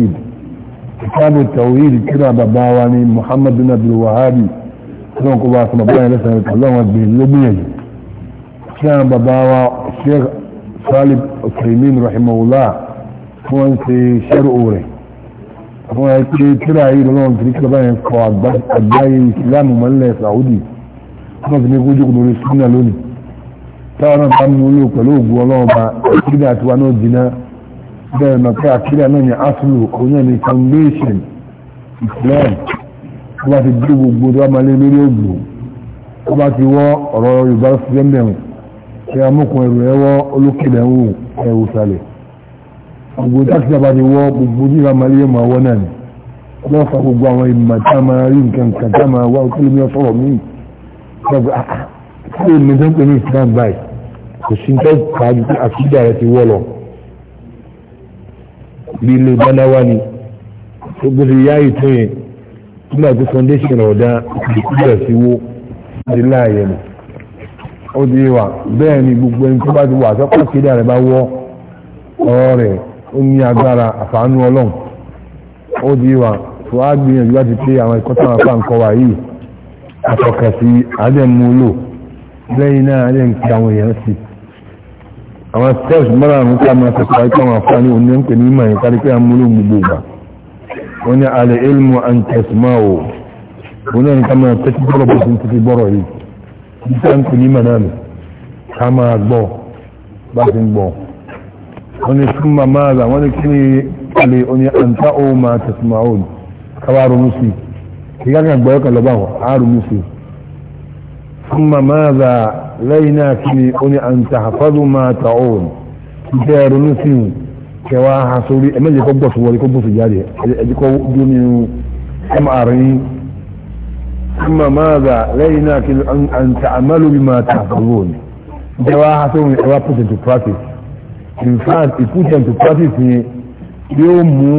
مسلم كتاب التوحيد كلا باباواني محمد بن عبد الوهاب لون كبا اسمه بلا لسه الله بن لبيج كان باباوا الشيخ صالح عثيمين رحمه الله هو في شرعه هو كلا يقول لون كلا بين قواعد الجاي الاسلام مله سعودي wọ́n fi ní kó jókòó lórí súnà lónìí táwọn náà bá mú olóòpẹ̀lú ògùn ọlọ́ọ̀bá bẹ́ẹ̀ mọ̀ pé àkídà náà ni aslu òun ni foundation Islam tó bá ti dúró gbogbo tó bá máa lé lórí ògbò tó bá ti wọ́ ọ̀rọ̀ Yorùbá sílẹ̀mẹ̀rún ṣe amókun ẹ̀rù ẹ̀wọ́ olókèlè ń wò ẹ̀wù sálẹ̀ gbogbo táàkì náà bá ti wọ́ gbogbo ní ìlànà ilé máa wọ́ náà ni wọ́n fa gbogbo àwọn ìmọ̀ tá a máa rí nǹkan nǹkan tá a máa wá mi ọ̀sọ̀rọ̀ mi ah, ah, kí ló ń mẹ́tọ́ pé ní Islam báyìí kò sí nǹkan kàájú pé àkídà rẹ ti wọ́ lọ. bí ilé bánáwá ni gbogbo ìtún yẹn nígbà tí foundation ọ̀dá ìpínlẹ̀ sí wó ti láàyè nù ó di wà bẹ́ẹ̀ ni gbogbo ẹni tó bá ti wà sọ́kọ́ kéde àrẹ bá wọ́ ọ̀rọ̀ rẹ̀ ó ní agbára àfààní ọlọ́run ó di wà tó á gbìyànjú láti pé àwọn ẹ̀kọ́ wà yìí adẹ́múlò lẹ́yìn náà àwọn steps márùn-ún ká máa tẹ̀síwá ikú àwọn afáàní òní ń pè ní ìmọ̀ ìkárí pé àmúlò gbogbo ìgbà wọ́n ní alẹ́ ilmu and tesmao wọ́n náà ní ká máa tẹ́tí bọ́rọ̀ bó ti ń tẹ́tí bọ́rọ̀ yìí nígbà ń pè ní ìmọ̀ náà ká máa gbọ́ bá ti ń gbọ́ ثم ماذا لينا في أن تحفظوا ما تعون دار نسيو كوا حصولي أما اللي كبس هو اللي كبس جاري اللي كبس أم أرين ثم ماذا لينا في أن تعملوا بما تحفظون كوا حصولي كوا put into practice in fact it put into practice ni yóò mú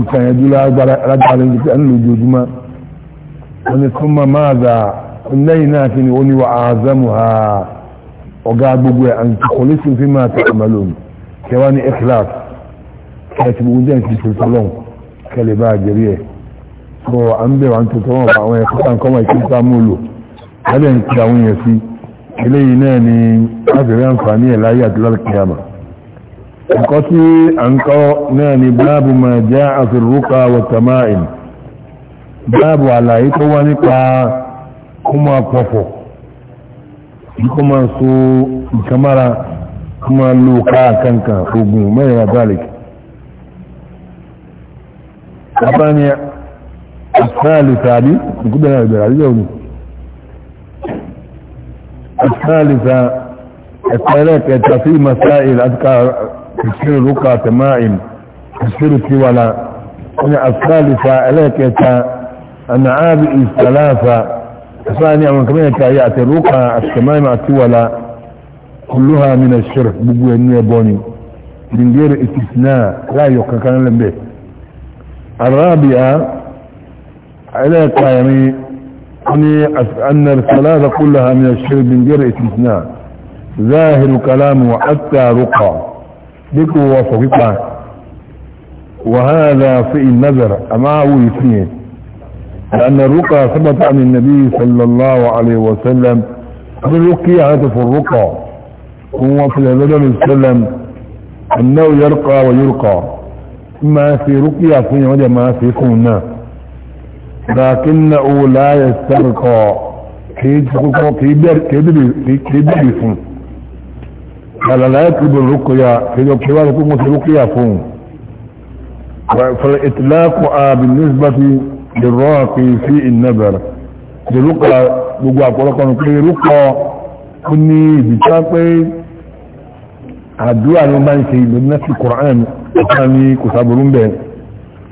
ìkànnì ẹ̀dúrà agbára alágbára ẹni lójoojúmọ́ wọn ni ثم ماذا lẹ́yìn náà kí ni ó ní wa àázámù ha ọ̀gá gbogbo ẹ̀ àǹtí kọlísìn fi máa tẹ àmàlò kẹwàá ní eclas kẹtì gbogbo jẹ́ ìtì tó tọ́lọ́n kẹlẹ̀ bá jẹ́rí ẹ̀ sọ à ń bẹ̀rẹ̀ àǹtí tó wọ́n àwọn ẹ̀kọ́ sàǹkọ́mọ̀ ìkí sá múlò lẹ́lẹ̀ ń kí àwọn yẹn sí eléyìí náà ni lábẹ̀rẹ̀ àǹfààní ẹ̀ láyé àti lálùkìyàmà ẹ̀kọ́ tí à kó máa pọ̀pọ̀ kó máa so nǹkan mára kó máa lo káàkankan ogun mẹ́rin abalik abáni asálìsà àbí ìkúbẹ̀rẹ̀ ìbẹ̀rẹ̀ àbí ìjọba asálìsà ẹ̀kọ́rẹ́ kẹta sí masáìl àtìkà kìsìrì rúkà tẹ̀máìm kìsìrì tiwala wani asálìsà ẹlẹ́kẹta àmì àbí ìsàlásà ثاني أمان كمان كأيات الرقى الشمامة التولى كلها من الشرك بقوة النية بوني من غير استثناء لا يوقع كان لم به الرابعة على قائمي أن الصلاة كلها من الشرك من غير استثناء ظاهر كلام وحتى رقى بكو وصفقا وهذا في النظر أما هو يفنيه لأن الرقى ثبت عن النبي صلى الله عليه وسلم الرقي هدف الرقى هو في الهدف وسلم أنه يرقى ويرقى ما في رقية فيه وجه ما في كنا لكنه لا يسترقى كيبر كيبر كيبر فيه قال لا يطلب الرقية كيبر كيبر كيبر رقية فيه فالإطلاق بالنسبة بالراقي في النبر بالرقى لرقى لقوا قولكم كي رقى كني بشاقي الدعاء لما يسي لنفس القرآن أخاني كسابرون به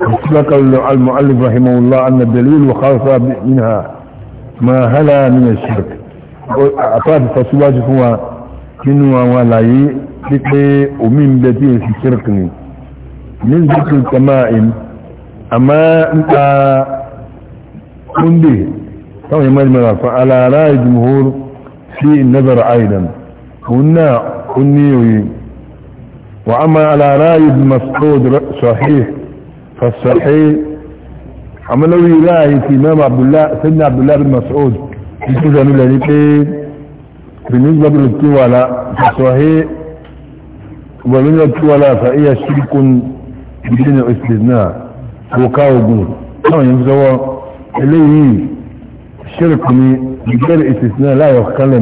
أصدق المؤلف رحمه الله أن الدليل وخاصة منها ما هلا من الشرك أطاف فسواج هو كنوا ولاي فكري ومن بديه في شركني من ذكر التمائم àmọ́ nípa kúndé táwọn ìmọ̀ ìmọ̀ àfà alára ìdìmòhóró sí ìnẹ́bẹ̀rẹ̀ àìdàn òun náà ó ní òye wà á máa alára ìdìmọ̀sọ́dọ̀ sọ̀hí fàṣọ̀hí àmọ́ lórí láàyè ti imam abdullahi sẹ́yìn abdullahi bin masoud ìtú sọ nílẹ̀ ní pé benin gbọ́dọ̀ tí wà lá fàṣọ̀hí wà nínú tí wà lá fà iya ṣirkun ìdíjìnà ìsìlẹ̀ náà òkà ogun táwọn èèyàn fi sọwọ́ eléyìí ṣírìkù ni ìgbẹ́rẹ̀ ìsìsì náà láyọ̀ kálẹ̀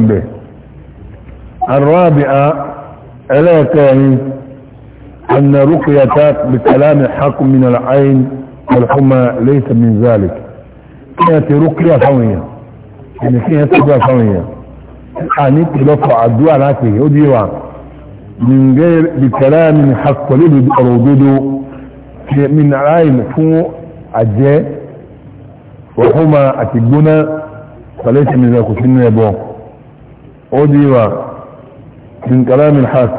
ń أن رقية بكلام حق من العين والحمى ليس من ذلك كانت رقية فوية يعني كانت رقية فوية يعني تلقى عدوى لكي يديرها من غير بكلام حق لبدأ ردوده min aláìmù fún àjẹ́ wọ̀húnmá àti gbóná pàlẹ́sì mi kò sínú ẹbọ ó díwà min kalami haq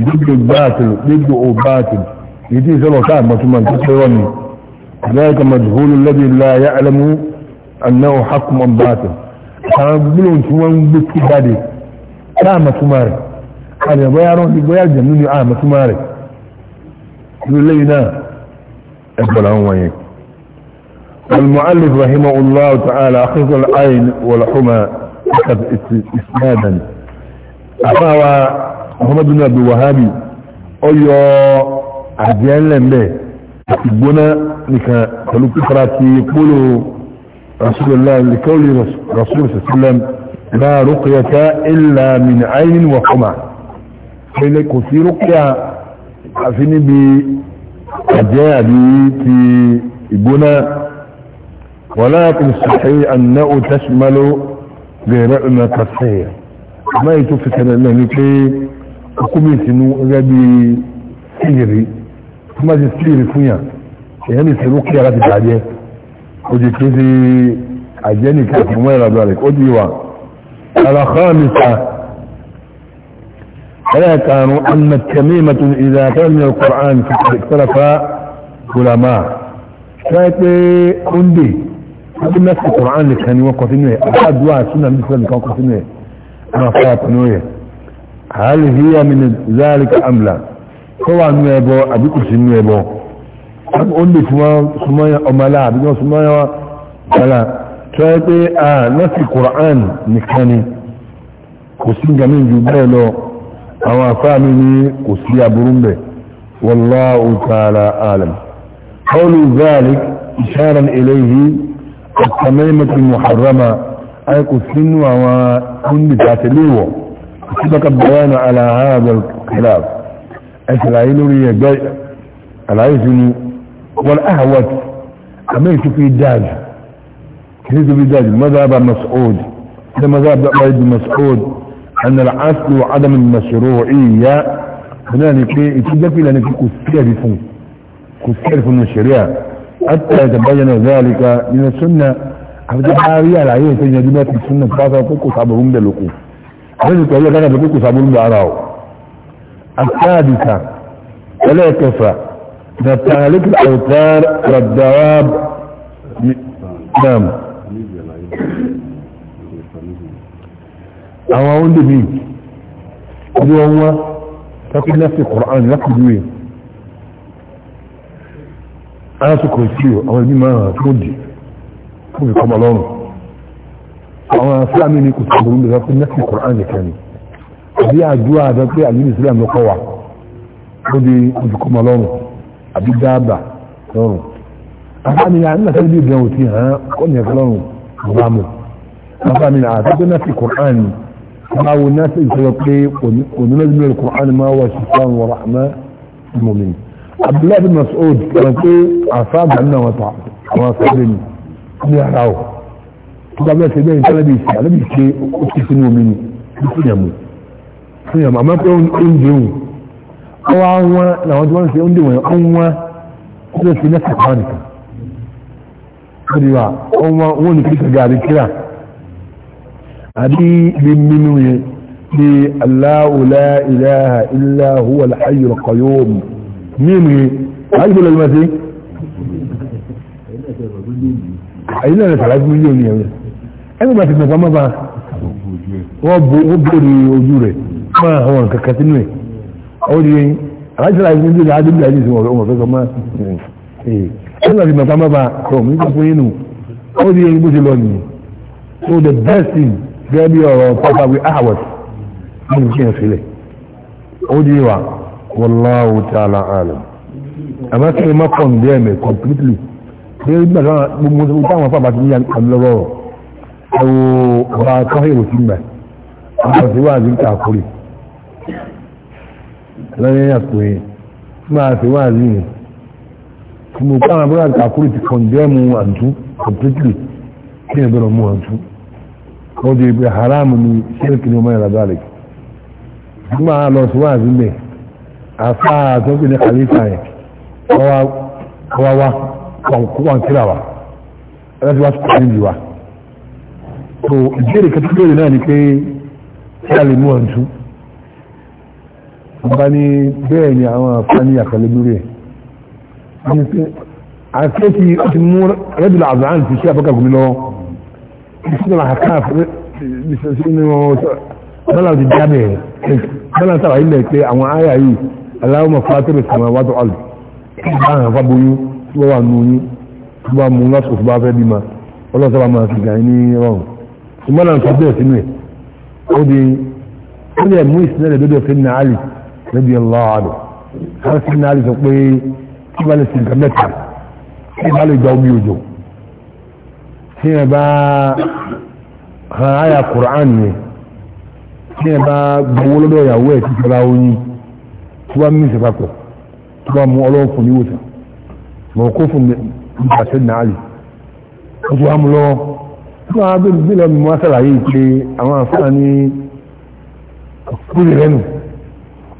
gbogbo báàtìl gbogbo o báàtìl yìí tí mọ̀túnmọ̀ tó tẹ́rọ ni ذلك مجهول الذي لا يعلم أنه حق من باطل كان بلون سوان بكي بادي لا متماري قال يا بيارون للينا أقبل عنوانيك والمؤلف رحمه الله تعالى أخذ العين والحمى أخذ إسنادا أخوى محمد بن عبد الوهابي أيو أجيان لنبه أتبونا لك تلوك إفراتي يقول رسول الله لقول رسول صلى الله عليه وسلم لا رقية إلا من عين وحمى فإنك في رقية àfi níbi àjẹ́ àbí ti ìgbóná ولكن الصحيح أنه تشمل غير ما تصحيح ما يتفت لأنه كي أقومي سنو غبي سيري ما زي سيري فيا يعني سيروك يا غادي بعديه ودي كذي عجاني كافي ما يرى ذلك ودي وان الخامسة فلا كانوا أن التميمة إذا كان من القرآن فقد اختلف علماء شايت كندي هذا نفس القرآن اللي كان يوقف إنه أحد واحد سنة مثل اللي كان يوقف إنه أنا فاطنوية هل هي من ذلك أم لا طبعا نيبو أبي كل شيء نيبو أم قندي سما سما أم لا أبي شايت آه نفس القرآن نكاني وسنجا من جبالو àwọn àfáàmì ní kò والله تعالى أعلم قول ذلك إشارا إليه التميمة المحرمة أي كسن وكن بتاتليه سبق البيان على هذا الخلاف العين لي جاي العيسن والأهوت أميت في الداج كنت في الداج مذهب مسعود هذا ماذا ابن مسعود أن العقل وعدم المشروعية هنا نكي يتجب إلى أنك كسيرف كسيرف من الشريعة حتى يتبين ذلك من السنة حتى أبدا حارية العيوة تجنبات السنة خاصة تقو صابهم بالوقوف هذه الطريقة كانت تقو صابهم بأراو السادسة ولا كفى نتهلك الأوتار والدواب نعم àwọn oúnjẹ mi ọdún wọn wá takú lẹ́sìn Qur'an láti dúwé aláṣekọ̀ sí o àwọn ẹbí máa tó dì fún mi kọmọ lọ́rùn àwọn afúlámi ní kò tó burú lè takú lẹ́sìn Qur'an nìkan ni àbí àdúrà àdá pé àlùmí Islam ló kọ́ wa ó di ojúkọmọ lọ́rùn àbí dáàbà lọ́rùn àbámi àti nàkàlẹ́ bí ìgbà òtí hàn kọ́ báwo náà sì sọ pé onínàzìmí al-Qur'an máa wà ṣùgbọ́n wà rahma al-mu'minin abdullahi bin Mas'ud sọ pé àfáàgbà náà wọ́n ta àwọn asọ́rẹ́ ni ní ara ọ̀ tó bá bẹ́ẹ̀ ṣe bẹ́ẹ̀ nítorí bí ṣe alábì ṣe ó ti sínú omi ni fún yàmù àbí nínú yẹn ní Allahu la ilaha illa huwa al-hayyul qayyum nínú yẹn àyíkò lọ́jọ́ máa ṣe àyíkò lọ́jọ́ sàlá fún yíò ní ẹ̀rẹ́ ẹni bá ti gbọ̀n pamọ́ bá wọ́n bóde ojú rẹ̀ máa àwọn kankan sínú ẹ̀ ọwọ́ di yẹn aláṣẹ láti fún yíò ní adébí àyíkò sí ọmọ fẹ́ sọmọ ẹni bá ti gbọ̀n pamọ́ bá kọ̀ mí kọ́ fún yín nù ọwọ́ di yẹn bó ṣe lọ nìyẹn so the best thing gẹ́gẹ́ bí ọ̀rọ̀ pápáwí ahawat ní ìjìyàn sílẹ̀ ó dí wa wallahu ta'ala alam àmọ́ kí ni má pọ̀ ní ẹ̀mẹ̀ completely bí ó gbà sára gbogbo tó táwọn afọ àbájú ní àlọ́rọ̀ ẹ̀wọ̀ ọba kọ́hìn ìwòsí gbà àwọn tí wà ní kàkúrì lẹ́yìn àpò yìí ó di pé haram ni ṣírkì ni ó mẹ́rin lábẹ́ àlejò bí máa lọ sí wáàzí mẹ́ àfá àtọ́kì ní khalifa yẹn ọwá wá wọn kíra wa ẹlẹ́sì wá sùkúrù níbi wa tó ìbéèrè kẹtùkúrò náà ni pé kí a lè mú ọ̀n tú bá ní bẹ́ẹ̀ ni àwọn afáàní àkàlẹ́ lórí ẹ̀ àti pé àti pé ti mú rẹ́dùlà àbúrà àti ṣé gómìnà lọ́wọ́ ìṣúná àkáàf nínú bọ́lá ti jábẹ̀ bọ́lá sábà ilẹ̀ pé àwọn àyà yìí aláwọ̀mọ̀ fàtẹ́rẹ̀ sàmà wàtò ọ̀lù bá àwọn afáboyún tí wọ́n wà nù oyún tí wọ́n mú lọ́sùn tó bá fẹ́ bí ma ọlọ́sọ̀rọ̀ àmà ti gà ní rọrùn ìmọ̀lá ń sọ́jọ́ sínú ẹ̀ ó di ó lè mú ìsinẹ́lẹ̀ lọ́dọ̀ sí nàálì lẹ́bi ọlọ́ọ̀dọ̀ wọ́n sí nàálì sọ pé tí wọ́n lè sin nǹkan mẹ́ta tí wọ́n lè gba omi òjò tí ẹ bá ha àyà Qur'an ni tí ẹ bá gbowó lọ́dọ̀ ìyàwó ẹ̀ títí ra oyin tí wọ́n mí ìsèpapọ̀ tí wọ́n mú ọlọ́wọ́ fún níwòsàn mọ̀ kó fún nípa sẹ́dínà àlè ó ti wá mú lọ́wọ́ tí wọ́n á bí lọ́ọ́ mi mú àṣàlàyé pé àwọn àǹfààní kúrò rẹ̀ nù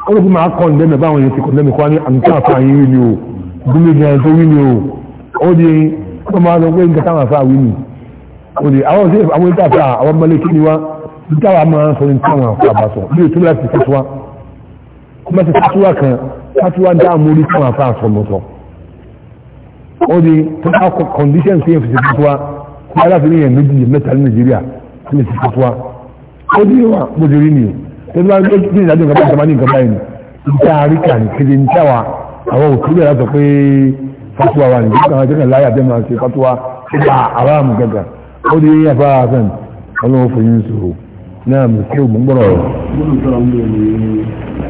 olùkú máa kọ́ ǹdẹ́mẹ̀ báwọn èèyàn ti kọ́ ǹdẹ́mẹ̀ kọ́ ní àǹtàfà yìí ni o gúnmí gan tó wí ni o ó di ọmọ àwọn ọgbẹ́ nǹkan táwọn àfà wí ni òdì àwọn òsì àwọn ìta àfà àwọn ọmọlé kí ni wá ìta wà máa ń sọ ní tí àwọn àfà bá sọ bí ìtumọ̀ láti fatuwa ọmọ ti fatuwa kan fatuwa dá àmú orí fún àfà àsọmọsọ òdì tó bá kọ condition sí èfìsì fatuwa kí aláfin yẹn méjì yẹn mẹ́ta ní nàìjíríà sí èfìsì fatuwa òdì wa mo ti rí nìyẹn tó bá gbé kí ìdájọ́ nǹkan báyìí ní nǹkan báyìí ní ìta àríkà ní kéde ní tí àwọn òkúrẹ́ láti sọ pé fatuwa wà ní ìgbà àwọn ajẹ́kẹ̀ láyà bẹ́ẹ̀ máa ṣe fatuwa ṣe pa àrà àmú gẹ́gẹ́ ó di yíyá fáwọn afẹ́n ọlọ́wọ́ fún yín sòrò náà mi kí o gbọ́dọ̀ rọ̀. gbọ́dọ̀ sọ̀rọ̀ ń bẹ̀rẹ̀ ní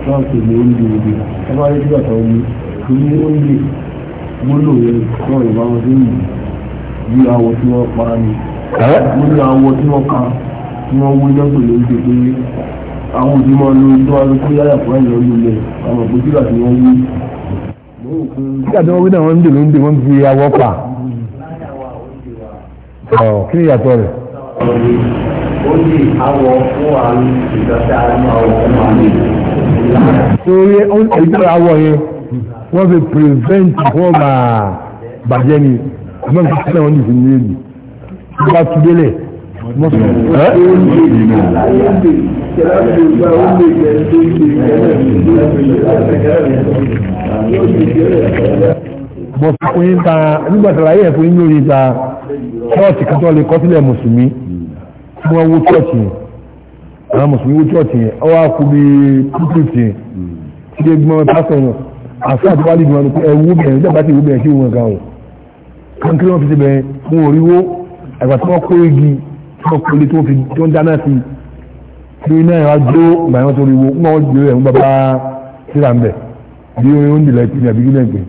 ṣọ́ọ̀ṣì ní oúnjẹ òde ẹ bá rí sígbà tàwọn ní kí ní oúnjẹ gbọ́dọ̀ yẹ kọ́ ìbá wọn sí ìlú bí awọ tí wọ́n pa ni. mo ní awọ tí wọ́n pa tí wọ́n wú lọ́sọ̀ ló ń ṣe pé àwọn òbí tó wá lóko yáyà fún ẹ̀yìn ọdún ilẹ̀ àwọn òbí sígbà tí wọ́n wú. sígbà ń fi awọ pa ọ̀ kí ni ìyàtọ̀ rẹ̀. ó ní àwọ̀ fún àrùn ìdọ̀tí àrùn àwọ̀ fún àrùn. torí ẹjọ́ àwọ̀ yẹn wọ́n fi prevent wọ́n máa bàjẹ́ ni àmọ́ nǹkan tí wọ́n ní ìfún ní èlì wọ́n bá tún délẹ̀ wọ́n sọ mo fi fún yín ta nígbà tí àlàyé ẹ̀fún yín lórí ta chọ́ọ̀tì kan tó lè kọ́ sílẹ̀ mùsùlùmí tí wọ́n wó chọ́ọ̀tì yẹn àwọn mùsùlùmí wó chọ́ọ̀tì yẹn ọ wá kú bí kúkúrìtì yẹn tí lè gbọ́n pásọ̀ yẹn àṣà àti wálé ìgbìmọ̀ pé ẹwú bẹ̀rẹ̀ nígbà tí ìwú bẹ̀rẹ̀ sí ìwọ̀n gan o kankiri wọn fi ti bẹ̀rẹ̀ fún òríwó àgbà tí wọ́n kó igi tí wọ́n kó lé tí wọ́n fi tó ń dáná sí i iná ẹ̀ wá jó ìgbà yẹn wọ́n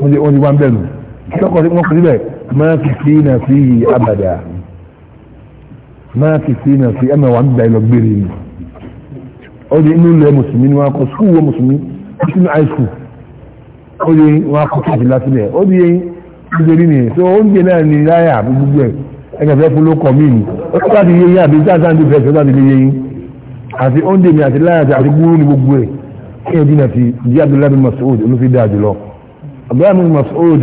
wọ́n ti wá ń bẹ̀rù kíkọ́ wọ́n kò síbẹ̀ máa kì sí náà sí yìí abàdà máa kì sí náà sí ẹ̀mẹ̀ wà ń bẹ̀rù gbére ni ó di inú ilẹ̀ mùsùlùmí ni wọ́n mùsùlùmí high school ó di wọ́n so oúnjẹ náà ni láyà gbogbo ẹ̀ fẹ́ fún mí ni ó ti láti yín àbí sáà ti fẹ́ yín àti abdullahi bin mas'ud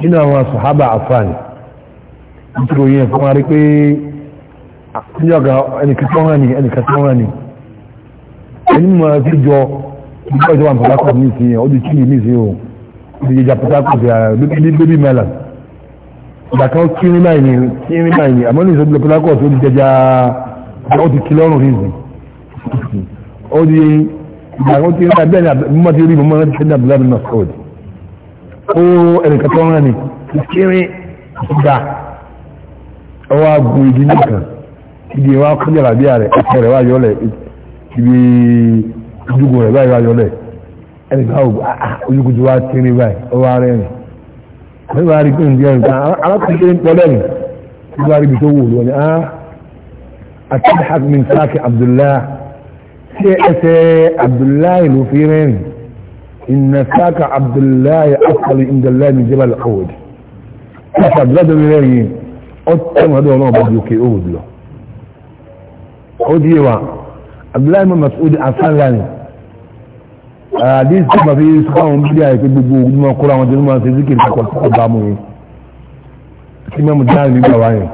nínú àwọn sàhábà àfáàní nítorí yẹn fún wa rí pé níjọ́gà ẹnìkẹ́kọ́ hàn ní ẹnìkẹ́kọ́ hàn ní ẹni mọ̀ sí jọ nígbà ìjọba àpàlákọ̀ ní ìsìn yẹn ó di kí ní ìsìn o ó di jẹjà pátákọ̀ sí ara ní bébí mẹ́lá ìgbà kan kí ní báyìí ní kí ní báyìí ní àmọ́ ní ìsìn pátákọ̀ sí ó di jẹjà ó ti kí lọ́rùn ní ìsìn ó di ìgbàgbọ́ tí ó tàbí ẹ̀nà tí ó rí mọ́ láti ṣẹ́dá bláàbí náà sọ́ọ̀d ó ẹnìkan tó rán ni kéré ìgbà ọwọ́ agun igi nìkan igi wa kọjá àbí rẹ̀ ẹsẹ̀ rẹ̀ wá yọlẹ̀ ibi ojúgun rẹ̀ báyìí wá yọlẹ̀ ẹnìkan ah, ah, ó ojúgun tó wá tẹ́rí báyìí ọwọ́ ara ẹ̀rìn wọ́n tí ẹsẹ̀ abdullahi ló fi rẹ́rìn ìnà sáka abdullahi akọlù ìndàláì ní jẹ́bà lọ́wọ́d ẹsẹ̀ abdullahi tó fi rẹ́rìn ó tẹ̀wọ̀n ọdún ọlọ́wọ́ bá di òkè òwòd lọ ó di wa abdullahi mọ́ masudi asan lani àdín tí bàbá yìí sọ àwọn bídí àìpé gbogbo ogun ọkùnrin àwọn jẹ́nu máa ṣe zikiri kọ̀kọ̀ tó bá mú yìí kí mẹ́mu dáhùn nígbà wáyé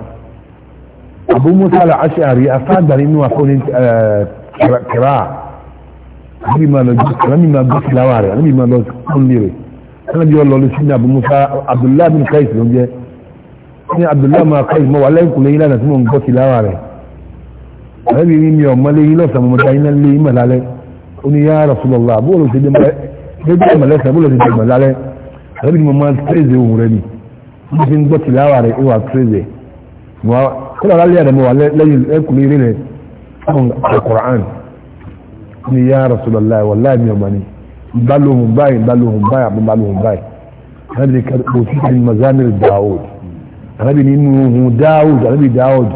Abu Musa al-Ash'ari asáàgbà nínú àkọ́ni kira anabi ma lọ anabi ma gbọ́ filawa rẹ̀ anabi ma lọ kún lére anabi yọ lọlọ sí ní abu musa abdullahi bin kais ló jẹ ní abdullahi ma kais mọ wà lẹ́yìn kùlẹ̀ yín lánàá tí mo ń gbọ́ filawa rẹ̀ anabi yìí mi ò mọlé yín lọ́sàn mo da yín náà lé yín mà lálẹ́ ó ní ya Rasulullah bóòlù ṣe dé mọ́lẹ́ ṣe dé mọ́lẹ́ sàn bóòlù ṣe dé mọ́ lálẹ́ anabi ni mo máa tẹ̀sẹ̀ òun rẹ̀ ni mo ti ń gbọ́ filawa rẹ̀ ìwà tẹ̀sẹ̀ mo wá kó fún alkur'an ni ya rasulallah wallahi mi ọba ni balohun báyìí balohun báyìí àbí balohun báyìí anábì kan kò sí ti mazamir daoud anábì nínú ohun daoud anábì daoud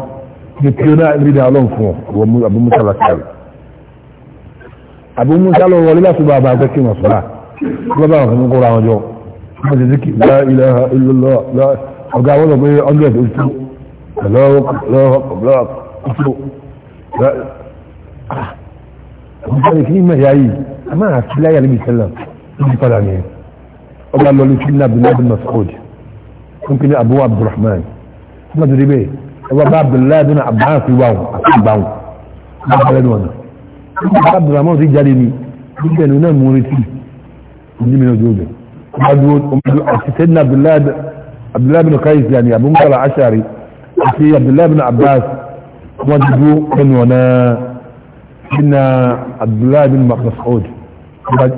ni kíọ́nà rí da ọlọ́run fún ọ abu musa lakari abu musa lọ wọlé láti bá bàbá kí wọn sọlá wọn bá wọn fún kóra wọn jọ wọn ti la ilaha illallah ọgá wọn lọ pé ọdún ẹsẹ oṣù lọ́wọ́ lọ́wọ́ lọ́wọ́ المشركين آه. مجاعين ما عرفت لا يا نبي سلام اللي طلع منين الله قال له كنا ابن ابن مسعود ممكن ابو عبد الرحمن ما ادري به هو عبد الله بن عباس واو واو ما بلد وانا عبد الرحمن زي جاليني يمكن انا موريتي اللي من دوبه ما دوت ام سيدنا عبد الله عبد الله بن قيس يعني ابو مطلع عشري عبد الله بن عباس wọ́n ti dúró ẹnu ọ̀nà sínú abdullahi bin masoud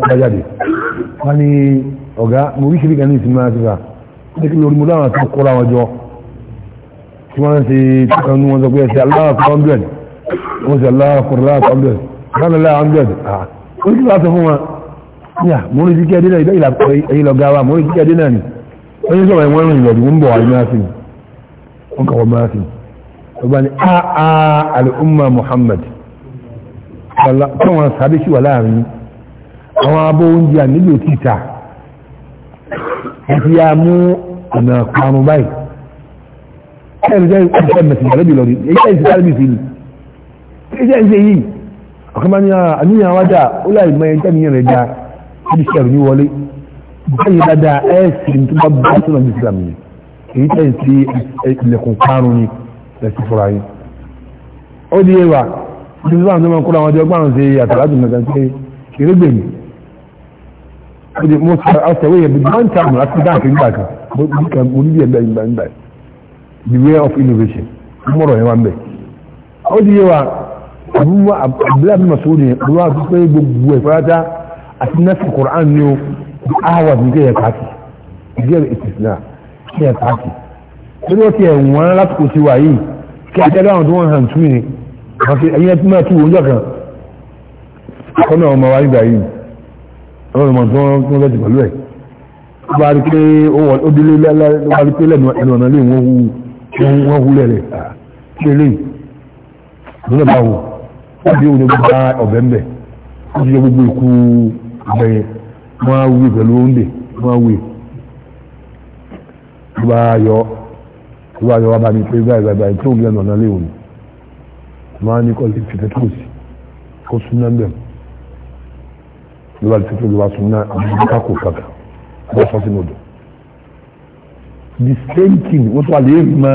bájáde wọ́n ní ọ̀gá mo rí kiri kan ní ìsinmi àti rà ní kí lórí mo láwọn àti kóra wọn jọ tí wọ́n ti tọ́kan ní wọn sọ pé ẹ̀sẹ̀ aláwọ̀ fún hundred wọ́n sọ aláwọ̀ fún aláwọ̀ fún hundred wọ́n lọ láwọ̀ hundred ah ó ní kí wọ́n sọ fún ọgbàni àà ah, ah, al'umma muhammad kọwọn sàbí sí wà láàrin àwọn abó oúnjẹ ànílò títà àti ya mú ọ̀nà kanu báyìí ẹ̀rọ jẹ́ ìpínlẹ̀ mẹ́sìn àlẹ́bì lọ rí èyí ẹ̀sìn àlẹ́bì sí ni èyí ẹ̀sìn èyí ọ̀kọ́mọ́ ní àníyàn wá dà ó láì mọ ẹni tẹ́mi rẹ̀ dá ẹni sẹ́rù ní wọlé báyìí dáadáa ẹ̀sìn tó bá bá sọ̀rọ̀ ní ìsìlámù yìí èyí tẹ́yìn sí ilẹ̀kùn kanu ni lẹ́sí fúra yìí ó di ewa bí wọ́n tó máa kúrò àwọn ọjọ́ gbáhùn sí àtàlájù mẹ́ta pé ìrégbè mi ó di mo sọ ọ̀sẹ̀wé yẹn bí wọ́n tà mọ̀ láti dáàkì nígbà kan mo ní bí ẹgbẹ́ ìgbà ìgbà the way of innovation mọ̀rọ̀ yẹn wá ń bẹ̀ ó di ewa àbúrò àbúrò masoud yẹn ló wá pé gbogbo ẹ̀ fúrata àti nẹ́sì kùrán ni ó di hours ní kí ẹ̀ káàkì ìdí ẹ̀ ìtìsínà kí ẹ̀ káàkì torí o ti ẹ̀wọ̀n lásìkò ti wà yìí kí akẹ́lẹ́ àwọn tó wọ́n hàn tún ni àti ẹ̀yìn ẹtí máa tú oúnjẹ kan akọ́ náà ọmọ wa nígbà yìí ọlọ́run mọ̀ tí wọ́n tún lọ́jì pẹ̀lú ẹ̀ ó bá rí pé ó délé lọ́wọ́ rí pé lẹ́nu ọ̀nà lé wọ́n hu lẹ́rẹ̀ ṣe lè ló náà bá wò ó bí òun ló bá ọ̀bẹ ń bẹ̀ ó ti yọ gbogbo ikú ọ̀bẹ̀yẹ wọ́n á wí pẹ̀lú oúnjẹ wọ́n á wí ó bá yọ wá yọ wá bá mi pé báyìí báyìí báyìí tó ń lẹ́nu ọ̀nà léwu ni máa ní kọ́ lè fìfẹ́ tó sí kó súná bẹ́ẹ̀ ló bá lè fìfẹ́ ló bá súná àbúrò ká kò kàkà bá sọ sínú odò. the same thing wọ́n tún wà lè mọ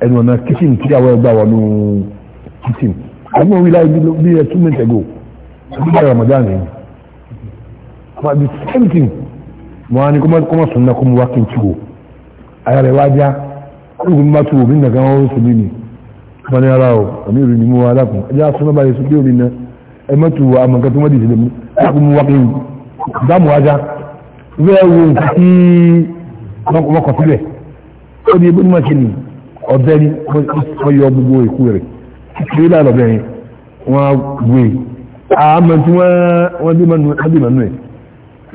ẹnu ọ̀nà kitchen tí àwọn ẹgbẹ́ wà nù kitchen àwọn ọmọ wíwá bí ẹ two minutes ago ẹbí bá Ramadan yìí but the same thing wọ́n á ní kọ́mọ́ súná kó mu wá kí n tí o ayọ̀ rẹ̀ wá já ọdún bá tu òbí nàkan wọn sùn nínú wọn ní ara o àmì ìrìn ni mo wà lákùn ẹ jẹ́ báyìí sùn pé òní na ẹ mọ́ tu àmọ́ nǹkan tó mọ́ di ìṣẹ̀lẹ̀ mú láàpù mú wákè yìí dáàmú ajá ìwé ẹ̀wò nǹkan tí wọ́n ó ní ebí ní máa ṣe nì ọ̀bẹ ni wọ́n yọ gbogbo èkú rẹ̀ kiri láàrọ̀ bẹ́ẹ̀ ni wọ́n gbé àmọ́ tí wọ́n dé mọ́nu ẹ̀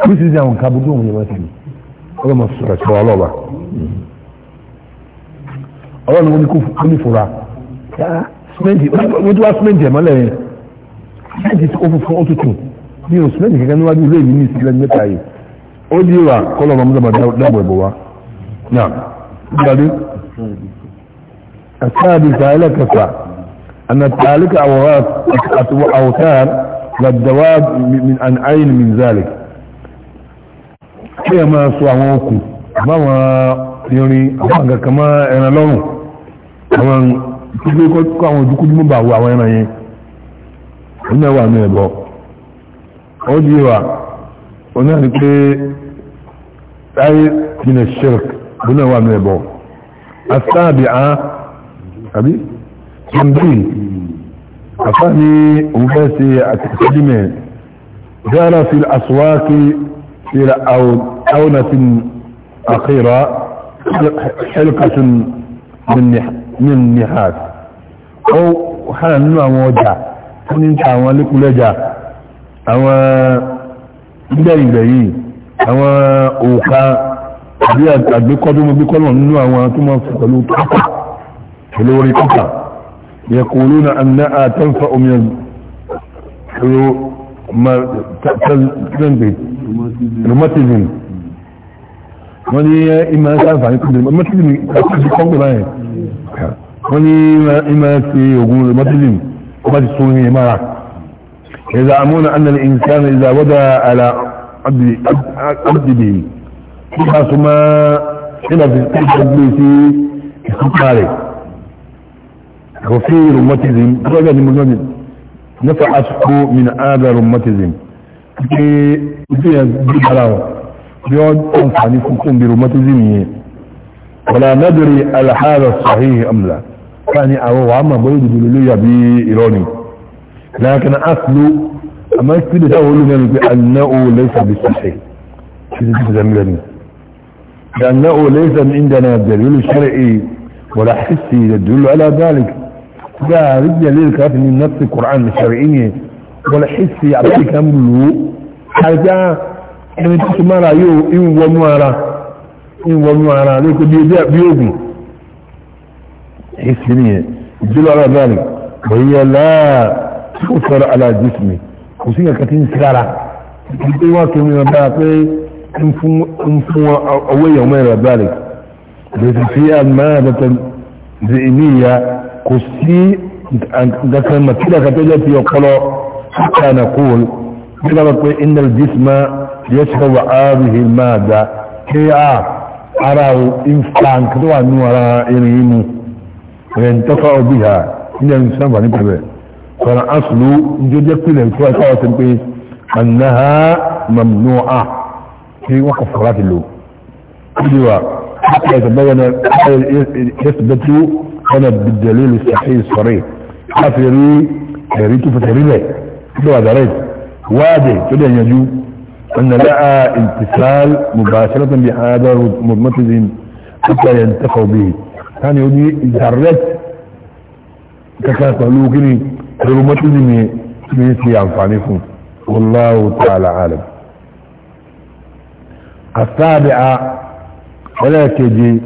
oríṣiríṣi àwọn nǹkan abúgbò wọn yẹn máa ṣe ni wọ́n máa sọ̀rọ̀ sọ̀rọ̀ ọlọ́ọ̀bà ọlọ́run wọn ni kò ní fura wọ́n ti wá símẹ́ǹtì ẹ̀ mọ́lẹ̀ yẹn símẹ́ǹtì tí ó fún fún òtútù ní o símẹ́ǹtì kankan níwájú ilé mi ní ìsìlẹ̀ mẹ́ta yìí ó di wa kọ́lọ̀ ọmọ mọ́tò máa dábọ̀ ẹ̀bọ̀ wa náà gbàdé àtàdé sàálà kẹfà àna tààlíkà àwòtár gàdàwà an ayin min zalik kí ẹ máa sọ àwọn okùn àbáwọn irin àwọn àgàkàmá ẹran àwọn ìpínlẹ̀ kọ́ àwọn ojúkú ní mọ́bà wo àwọn ẹran yẹn oní ẹwà ní ẹ̀bọ ó di wa oní ẹni pé táyé jìnà shirk oní ẹwà ní ẹ̀bọ asáàbì á àbí kìndìn afá òun fẹ́ ṣe àtìkọ́dìmẹ̀ dára fi àsùwákì fi àwọnà fi àkírà حلقة من ní nihad ó hàn nínú àwọn ọjà tó ní ta àwọn alékúlẹ́jà àwọn gbẹ̀yìngbẹ̀ yìí àwọn òkà àbí àgbékọ́dún gbékọ́nà nínú àwọn tó mọ́ pẹ̀lú pápá pẹ̀lú orí pápá يقولون أنها تنفع من روماتيزم wọ́n ni ẹ ìmọ̀ ẹ̀sáǹfà ní kúndùn mọ́tíbìnì wọ́n ní ìmọ̀ sí ogun mọ́tílìm ọba ti sún ní ìmọ̀ra ẹ̀zà àmúnà annà ní ìsàn ìzà wọ́dà àlà abdìbì nípa súnmọ́ nípa fi tẹ́jọ gbé sí ìsúkà rẹ̀ kòfin rheumatism gọ́gẹ́ ni mo lọ́nà nípa àsìkò min ààbà rheumatism pé ìfihàn gbé ara wọn bí wọ́n tọ́ǹfà ní fúnkún bí rheumatism yẹn ولا ندري الحال الصحيح أم لا يعني أهو عما بيض بي بإيراني لكن أصل أما يكتب تقول لنا بأنه ليس بالصحيح كده تزملني لأنه ليس عندنا دليل شرعي ولا حسي يدل على ذلك ده رجل للكافر من نفس القرآن الشرعي ولا حسي يعطيك أمله حاجة يعني تسمى رايو إن ومارا ń wọnú ara rẹ̀ kó bí ebi àbí oògùn èsì nìyẹn ìdílé ọ̀rọ̀ náà rẹ̀ wọ̀nyẹ láà tí ó sọ̀rọ̀ aláàjísì mi kò sí kankan tí ń sára ìdílé wọn tó ń yọ̀ǹda pé ń fún ọwọ́ èèyàn mẹ́rin ọ̀dọ́ rẹ̀ lẹ́sìn sí àmàlẹ́tọ̀ zèmíyà kò sí nǹkan màtílà kan tó jẹ́ ti ọpọlọ كان يقول بلغت ان الجسم يشرب هذه الماده كي عارف ara inflank tó wà ní ara irin inú rẹ̀ ń tọ́fà ọbí ha ilẹ̀ ń sábà ní pẹ̀lẹ̀ sọ̀rọ̀ asùlù ní ó jẹ́ pìlẹ̀ tó wà káwọ́ sí pé annaha mamnu'a kí wọ́n kọ̀ fọ́ láti lò kúrò wa kí ẹ̀sẹ̀ bẹ́ẹ̀ na ẹ̀sẹ̀ bẹ́ẹ̀ tó wọ́n na bìdẹ̀lẹ́ lè sàhí sọ̀rẹ́ láti rí ẹ̀rí tó fẹsẹ̀ rí lẹ̀ tó wà dàrẹ́ wáàdì tó dẹ̀ yanjú أن لها اتصال مباشرة بهذا مضمتز حتى ينتفع به ثاني يقول إذهرت كانت مهلوكني مضمتز من عن فعنفهم والله تعالى عالم السابعة ولا تجي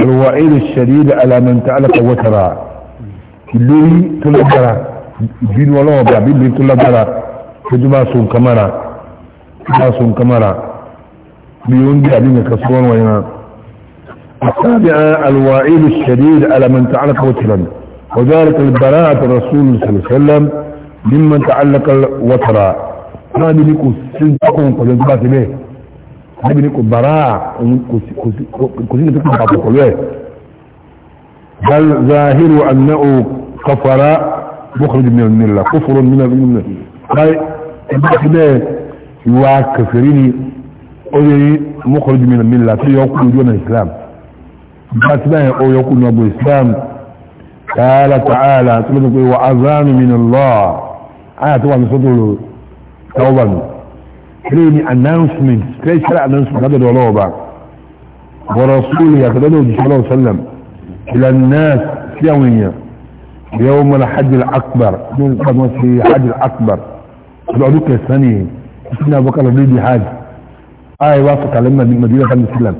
الوعيد الشديد على من تعلق وترى اللي تلقى جين ولا بابين اللي تلقى تجمع سون كمانا كاسون كمرا بيون دي عدين كسوان وينا السابعة الوعيد الشديد على من تعلق وترا وذلك البراءة الرسول صلى الله عليه وسلم ممن تعلق الوترا ما بنكو سنتكم فجنبات به ما بنكو براء كسين تكون تعطيكم به بل ظاهر أنه كفر مخرج من الملة كفر من الملة وكفريني أولي مخرج من الملة يقول دون الإسلام باتباه أو يقول أبو الإسلام قال تعالى وأذان من الله آية وأن صدر توبا كريني announcement كريش شرع announcement قدر الله بعد ورسوله يتبدو صلى الله عليه وسلم إلى الناس سيوية يوم الحج الأكبر من قد ما في الحج الأكبر بعدك الثانية سيدنا ابو بكر الريدي حاج اي وافق على مدينة الإسلام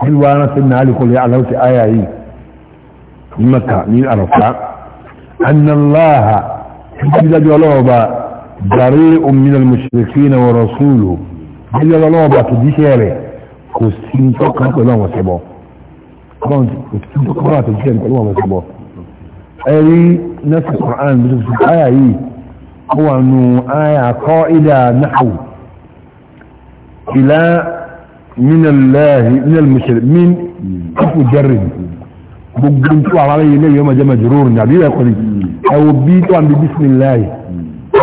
هل وانا سيدنا علي كل يا علوت اي اي مكة من أرفع أن الله إذا با بريء من المشركين ورسوله إذا جلوبا تدشيره كسين فقط كلا وسبا كنت كسين فقط تدشيره كلهم وسبا أي نفس القرآن بسبب اي هي إيه؟ هو أنه آية قائدة نحو إلى من الله من المسلمين كف جرد بقدم تو عليه ليه يوم جمع جرور نبي يقول أو بيتو عن بسم الله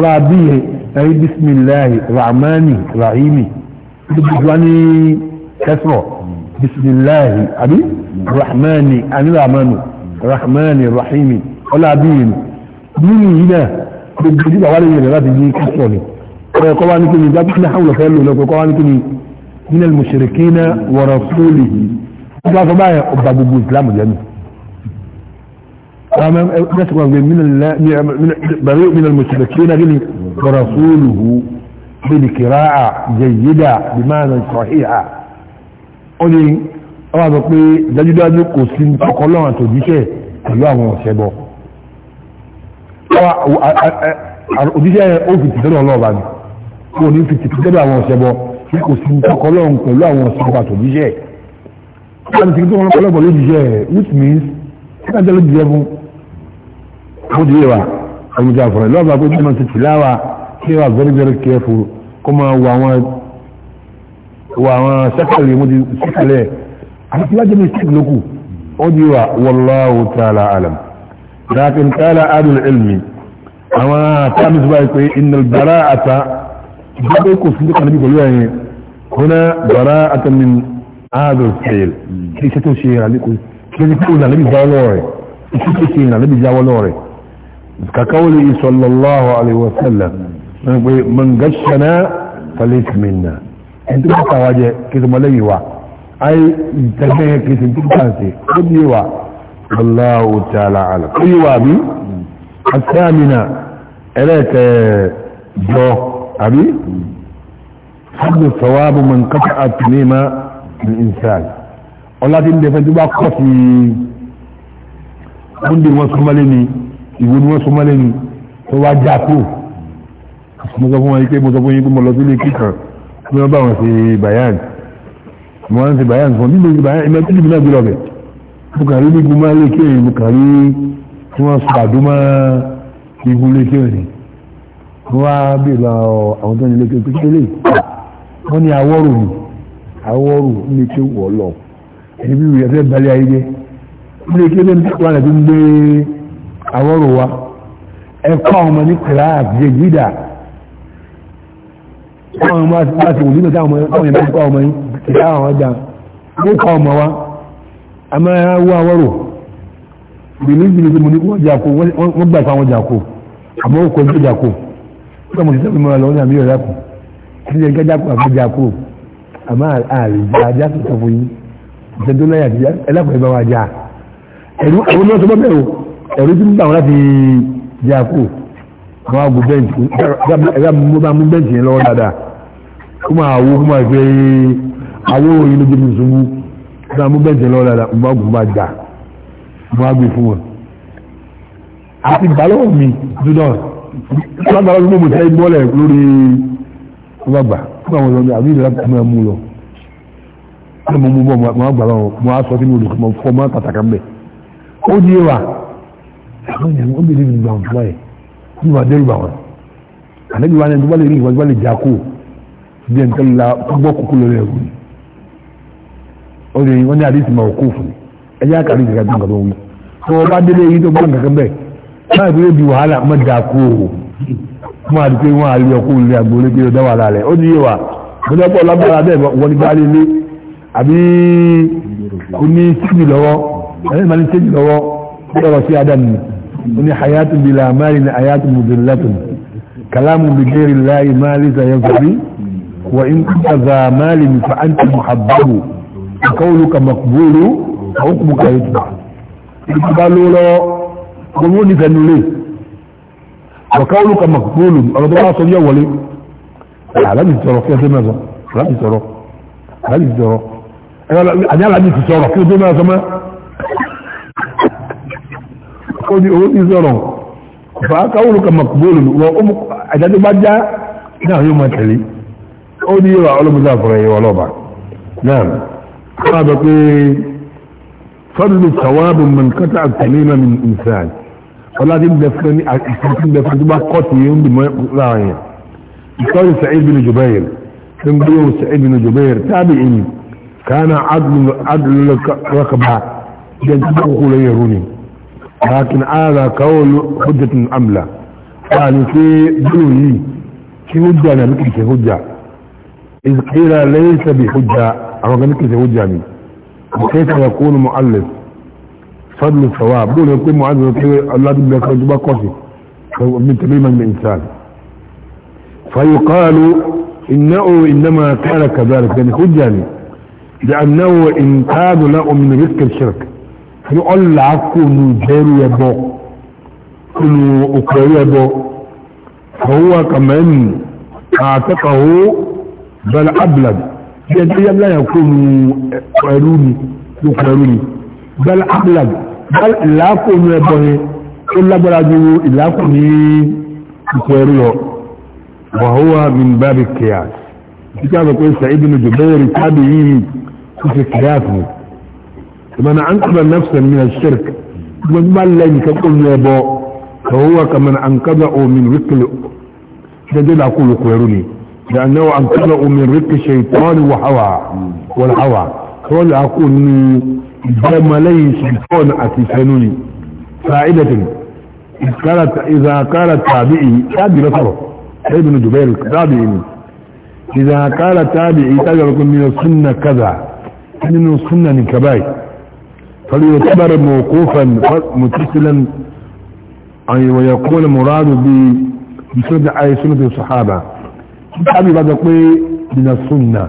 لا بيه أي بسم الله رعماني رعيمي بجواني كسره بسم الله أبي رحماني أنا رعمان رحماني رحيمي ولا بيه من هنا بقدم عليه ليه يوم جمع جرور kọ́ wá ní kí ni jábìlá àwọn olùfẹ́ lò lọ́pẹ́ kọ́ wá ní kí ni nínú al-mushrikina wa rasulihi wọ́n bá fọ́ báyẹn ọba gbogbo ìsìlámù jẹ́nu lẹ́sìn kan gbé bẹ̀rẹ̀ nínú al-mushrikina gini wa rasuluhu bíi kìráà jayyida bí máa nà sahiha ó ní ọba sọ pé dájúdájú kò sí ọkọ̀ lọ́wọ́ àtòjíṣẹ́ pẹ̀lú àwọn ọ̀sẹ̀ bọ̀ òjíṣẹ́ ó fi tìtẹ́lọ́ ọlọ́ọ̀bá ni kò ní fi tìpì tẹ́lẹ̀ àwọn ọ̀sẹ̀ bọ bí kò sí nǹkan ọlọ́run pẹ̀lú àwọn ọ̀sẹ̀ bọ àtòjíṣẹ́ wọ́n ti tó wọn pẹ̀lú which means kí wọ́n jẹ́ lójíṣẹ́ fún àwọn ìdílé wa ọmọdé àfọ̀rẹ́ lọ́wọ́ àgbẹ̀ jẹ́ máa ti tìlá kí wọ́n very very careful kó máa wọ àwọn wọ àwọn mo ti sẹ́kàlẹ̀ àti tí wọ́n jẹ́ mistake lókù ó di wa wallahu ta'ala alam lakin ta'ala adul ilmi àwọn táàmì sọ báyìí pé innal bara'ata gbogbo kò sí ní kànáàbí pẹ̀lú ẹ̀yẹn kọ́nà bàrá àtàmì ààbò sẹ́yìn kí iṣẹ́ tó ṣe àlékò kí ẹni kúrò nàlẹ́bí jáwọ́ lọ́wọ́ rẹ̀ iṣẹ́ tó ṣe nàlẹ́bí jáwọ́ lọ́wọ́ rẹ̀ kàkàwọ́ lè sallallahu alaihi wa sallam wọn pe mọ̀ngàṣẹ́nà falẹ́sìmìnà ẹni tó bá tàwa jẹ kí tó mọ́lẹ́yìn wa ayé ìtẹ́gbẹ́ kí tó ń tàǹsì ó bí wa wallahu ta'ala alam ó yí wa bí asámìnà ẹlẹ́kẹ̀ẹ́ jọ àbí hadu sawabu man kafa atinema min insan ọláti ń dẹfẹ́ tó bá kọ́ sí oúnjẹ wọn súnmọ́lé ni ìwé ni wọ́n súnmọ́lé ni tó wá já kú mo sọ fún wọn pé mo sọ fún yín pé mo lọ sí ilé kíkan tí wọ́n bá wọn ṣe bayan wọ́n ń ṣe bayan fún bíbélì bayan ìmọ̀ tí ìbílẹ̀ gbé lọ́bẹ̀ mo kàn rí ní gbọmọ ilé kéwìn mo kàn rí wọ́n á bèèrè àwọn tó ní ilé kékeré wọ́n ní ni awọ́rù ní kí wọ́ lọ ẹni bí wíyà fẹ́ balẹ̀ ayé ní kékeré wà láti ń gbé wa ẹ̀kọ́ ọmọ ní kìláàf wọ́n láti wùdí ọmọ yẹn ọmọ yìí àwọn ọjà kọ́ ọmọ wa a máa wọ tí mo ní wọ́n jà kó wọ́n gbà kọ́mọ ti sẹ́kùn mọ́ra lọ́wọ́ ní àmì ọ̀dà kù kí ni ẹgbẹ́ dákú àbájá kú àmọ́ àrèjà ajá tó sọ fún yín ìṣẹ́jọ́ náà yàtí ẹlẹ́kùn ẹgbẹ́ wa já ẹ̀rú àwọn náà tó bọ́ bẹ́ẹ̀ o ẹ̀rú ti ń bà wọn láti já kú àwọn àgbò bẹ́ǹtì ẹ̀rọ àmúgbó bá mú bẹ́ǹtì yẹn lọ́wọ́ dáadáa kó máa wo kó máa fẹ́ àwọn òyìn ló jẹ́ mi sùn mú kó máa mú bẹ́ǹtì lọ́wọ́ dáadáa mo bá bá já mo bá fún wọn àti ìbálòpọ̀ mi dúdọ̀rọ̀ lágbára ló mọ̀ sẹ́yìn bọ́ọ̀lẹ̀ lórí ọgbàgbà fún àwọn ọ̀dọ́ àbí ìlera tó máa mú lọ wọ́n mọ̀ mú bọ́ mọ́ àgbà lọ́wọ́ mọ́ aṣọ tí mo lò mọ́ fọ́ mọ́ tàtàkà ń bẹ̀ ó di wa àwọn ènìyàn ó bèèrè ìgbà wọn fúnra ẹ̀ ní wàá dẹ́rù bà wọn àlejò wa ni ẹni tó bá lè rí ìwà tó bá lè jà kó bí ẹni tó la gbọ́ kókó lórí ẹ̀rù ni ó lè wọ́n ní fún ẹ báyìí yóò di wàhálà mọ́ dàkú òhù máa dùkú wọn àrí ọkú ilé àgbòlé gbé ọdá wà lálẹ́ ó ní yé wa mo lọ́pọ̀ lágbára bẹ́ẹ̀ wọ́n ní báyìí lé àbí kò ní síbi lọ́wọ́ ẹni máa ní síbi lọ́wọ́ ó lọ́rọ̀ sí adam ni ó ní hayatu bi la mali ni hayatu mudilatun kalamu bi gẹ́rì láì mali sa yẹn fàbí wa in kuta za mali ni fa anta muhabbabu kawulu ka makbulu ka hukumu ka yi tuba. Ibi ba lọ́wọ́ àwọn ó nífẹ̀ẹ́ nílé ọ̀ká olùkọ́ mọ̀kúrò ọ̀rọ̀ tó bá sọ yẹ wọlé aláàbì sọ̀rọ̀ kí ọdún mẹ́sàn aláàbì sọ̀rọ̀ aláàbì sọ̀rọ̀ àní aláàbì ti sọ̀rọ̀ kí ọdún mẹ́sàn mẹ́ ó ní owó ti sọ̀rọ̀ ọ̀ká olùkọ́ mọ̀kúrò wọ́n àjájọ́ bá já náà yóò máa tẹ̀lé ó ní ìwà ọlọ́mọdé àfọ̀rọ̀ ìwà ọlọ́ba náà wọ́n á bẹ pé fọ́dún sọ̀wábùn mọ̀nkátà àtẹ̀lé náà ní ìsáàjì ولازم بفرني سعيد بن جبير ثم سعيد بن جبير تابعين كان عدل عدل ركبها جنتبه قولا يروني لكن هذا قول حجة عملة قال في دلوي في حجة انا بكي في حجة اذ قيل ليس بحجة اما كان بكي في حجة وكيف يكون مؤلف فضل الثواب دول يكون معاذ الله دي بيكون قصي من تميما الإنسان فيقال إنه إنما كان كذلك يعني خجاني يعني. لأنه إن كاد له من رزق الشرك فيقول يعني لعكو نجير يبو كل أكرر يبو فهو كمان أعتقه بل أبلد يعني لا يكون قروني بل أبلد ìlàkùnrin ẹbọ ni ó lágbára ju ìlàkùnrin ìkọ̀ ẹrú lọ wàhúwà min bábi kìíyàs títí àwọn pé sa'id ibn jubair tábì yìí tó fi kìíyàs ni ìmọ̀nà an kaba nafsa min ashirk gbogbo bá lẹ́yìn kankan ní ẹbọ فهو كمن أنقذه من رق جديد أقول قيروني لأنه أنقذه من رق الشيطان وحوى والحوى كل اقول ان ليس كون اتسانوني فاعدة اذكرت اذا قال التابعي تابعي نصره سيد جبير تابعي اذا قال تابعي لكم من السنة كذا يعني من السنة من كباي فليعتبر موقوفا متصلا اي ويقول مراد بي بسنة اي سنة الصحابة الصحابي بعد قوي من السنة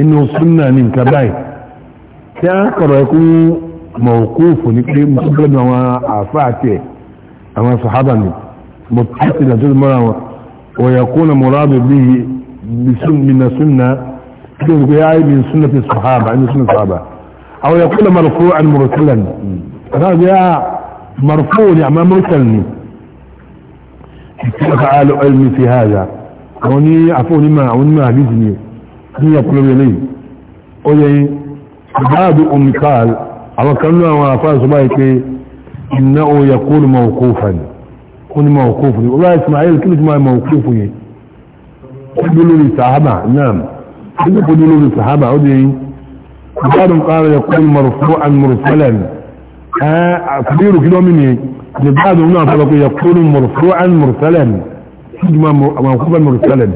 انه السنة من كبائر kí á kọ̀rọ̀ ẹkú mọ̀kúfù ní pé mọ̀kúfù àwọn àfá àti ẹ̀ àwọn sàhábà ni mọ̀kúfù ìlà tó mọ́ra wọn wọ̀yẹ̀kú na mọ̀rábì bí mina súnna kí ó gbé ayé min súnna ti sàhábà ní súnna sàhábà àwọn yẹ̀kú na marfu an mursalan ọ̀dá gbé a marfu ni àmà mursal ni ìtìlẹ̀ fa'alu ilmi fi hàzà àwọn ní àfọ̀ onímọ̀ àwọn onímọ̀ àdìsí ni ní yẹ̀kú lórí eléyìí ó yẹ yìí بعض أم قال أما كانوا وعفاء سبايك إنه يقول موقوفا كن موقوفا والله إسماعيل كل ما موقوفه قبلوا لي صحابة نعم قبلوا لي صحابة عودي بعض قال يقول مرفوعا مرسلا آه، كبير كده مني لبعض هنا فلقوا يقول مرفوعا مرسلا ما موقوفا مرسلا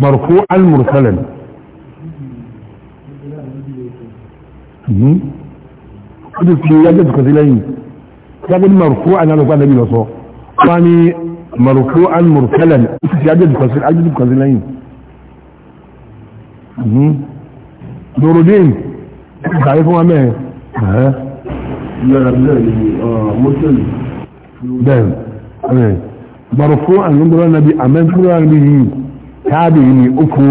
مرفوعا مرسلا Hmm? ó ti fi ẹjọ́ tó kọsí lẹ́yìn yàgbé ní marufu àná lọ́pàá lẹ́bí lọ́sọ wọ́n ní marufu àn mursalan ó ti fi ẹjọ́ tó kọsí lẹ́yìn hmm? Nuruddin ìgbàlẹ́ fún wa mẹ́rin bẹ́ẹ̀ marufu àn lọ́pàá lẹ́bí amẹ́kúrò lẹ́bí yìí tábìrì ní ó kó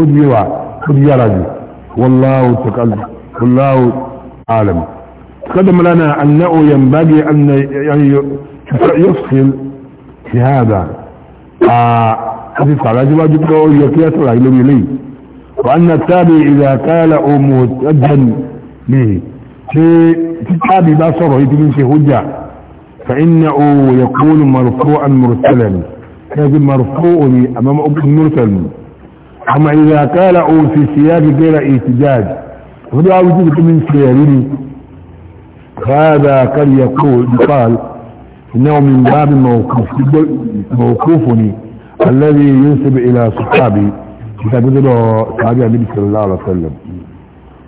ó di ó di والله تقدم والله عالم تقدم لنا أنه ينبغي أن يعني يفصل في هذا آه، حديث على جواجب يكيس العلم لي وأن التابع إذا قال مهتدا به في التابع لا صره يتبين شيء هجة فإنه يكون مرفوعا مرسلا هذا مرفوع أمام أبو المرسل أما إذا او في سياق غير احتجاج فلا وجود من سيارين هذا قد يقول قال إنه من باب موقوف موقوفني الذي ينسب إلى صحابي كتاب له صحابي النبي صلى الله عليه وسلم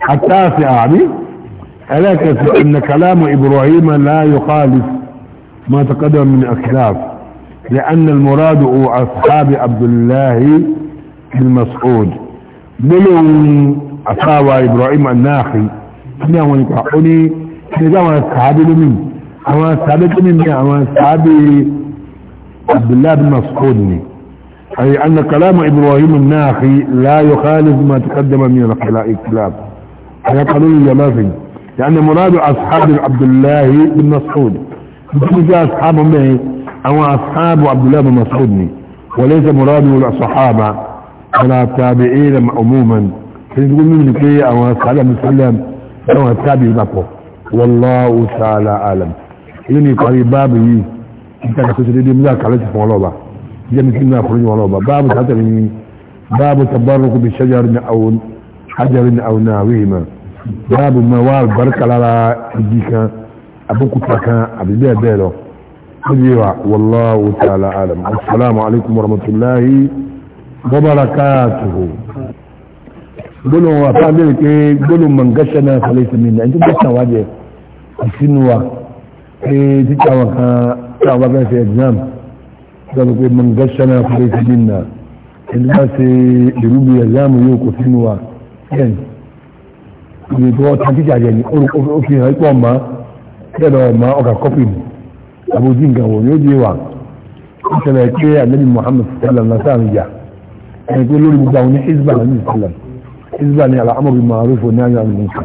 حتى في عبي ألاك أن كلام إبراهيم لا يخالف ما تقدم من أخلاف لأن المراد هو أصحاب عبد الله المسعود ملو أصحاب إبراهيم الناخي أني أمان كعوني أني أمان السعابي لمن أمان السعابي لمن أمان السعابي عبد الله بن مسعود أي أن كلام إبراهيم الناخي لا يخالف ما تقدم من الخلاء الكلاب أي قالوا لي جمازي لأن مراد أصحاب عبد الله بن مسعود بكل جاء أصحابهم به أو أصحاب عبد الله بن مسعود وليس مراد الصحابة ولا التابعين عموما حين تقول من الكي او صلى الله عليه وسلم او التابعين بقى والله تعالى اعلم يعني قريب بابي انت كنت تريد ملاك على تفهم الله بقى جميع كنا خرج والله باب تعتني باب تبرك بشجر او حجر او ناويما باب موال بركه على ديكا ابوك تكا ابي بيلو والله تعالى اعلم السلام عليكم ورحمه الله وبركاته قلوا وفعلك قلوا من قشنا فليس منا انتم قشنا واجه السنوة تتعوى تعوى في اجزام قالوا من قشنا فليس منا انتم قاسي لروبي اجزام يوكو سنوة يعني ìwé tí wọ́n tají jàjẹ́ ní ó fi hàn ipò ọmọ lẹ́nà ọmọ ọkà kọ́pì mù àbójú nǹkan wò ní ó di wà ó ṣẹlẹ̀ pé ànábì Muhammad sallallahu alaihi wa sallam ẹni pé lórí gbogbo àwọn ní hizba ní islam hizba ní alamọbi maruf ní ayọ àwọn nìkan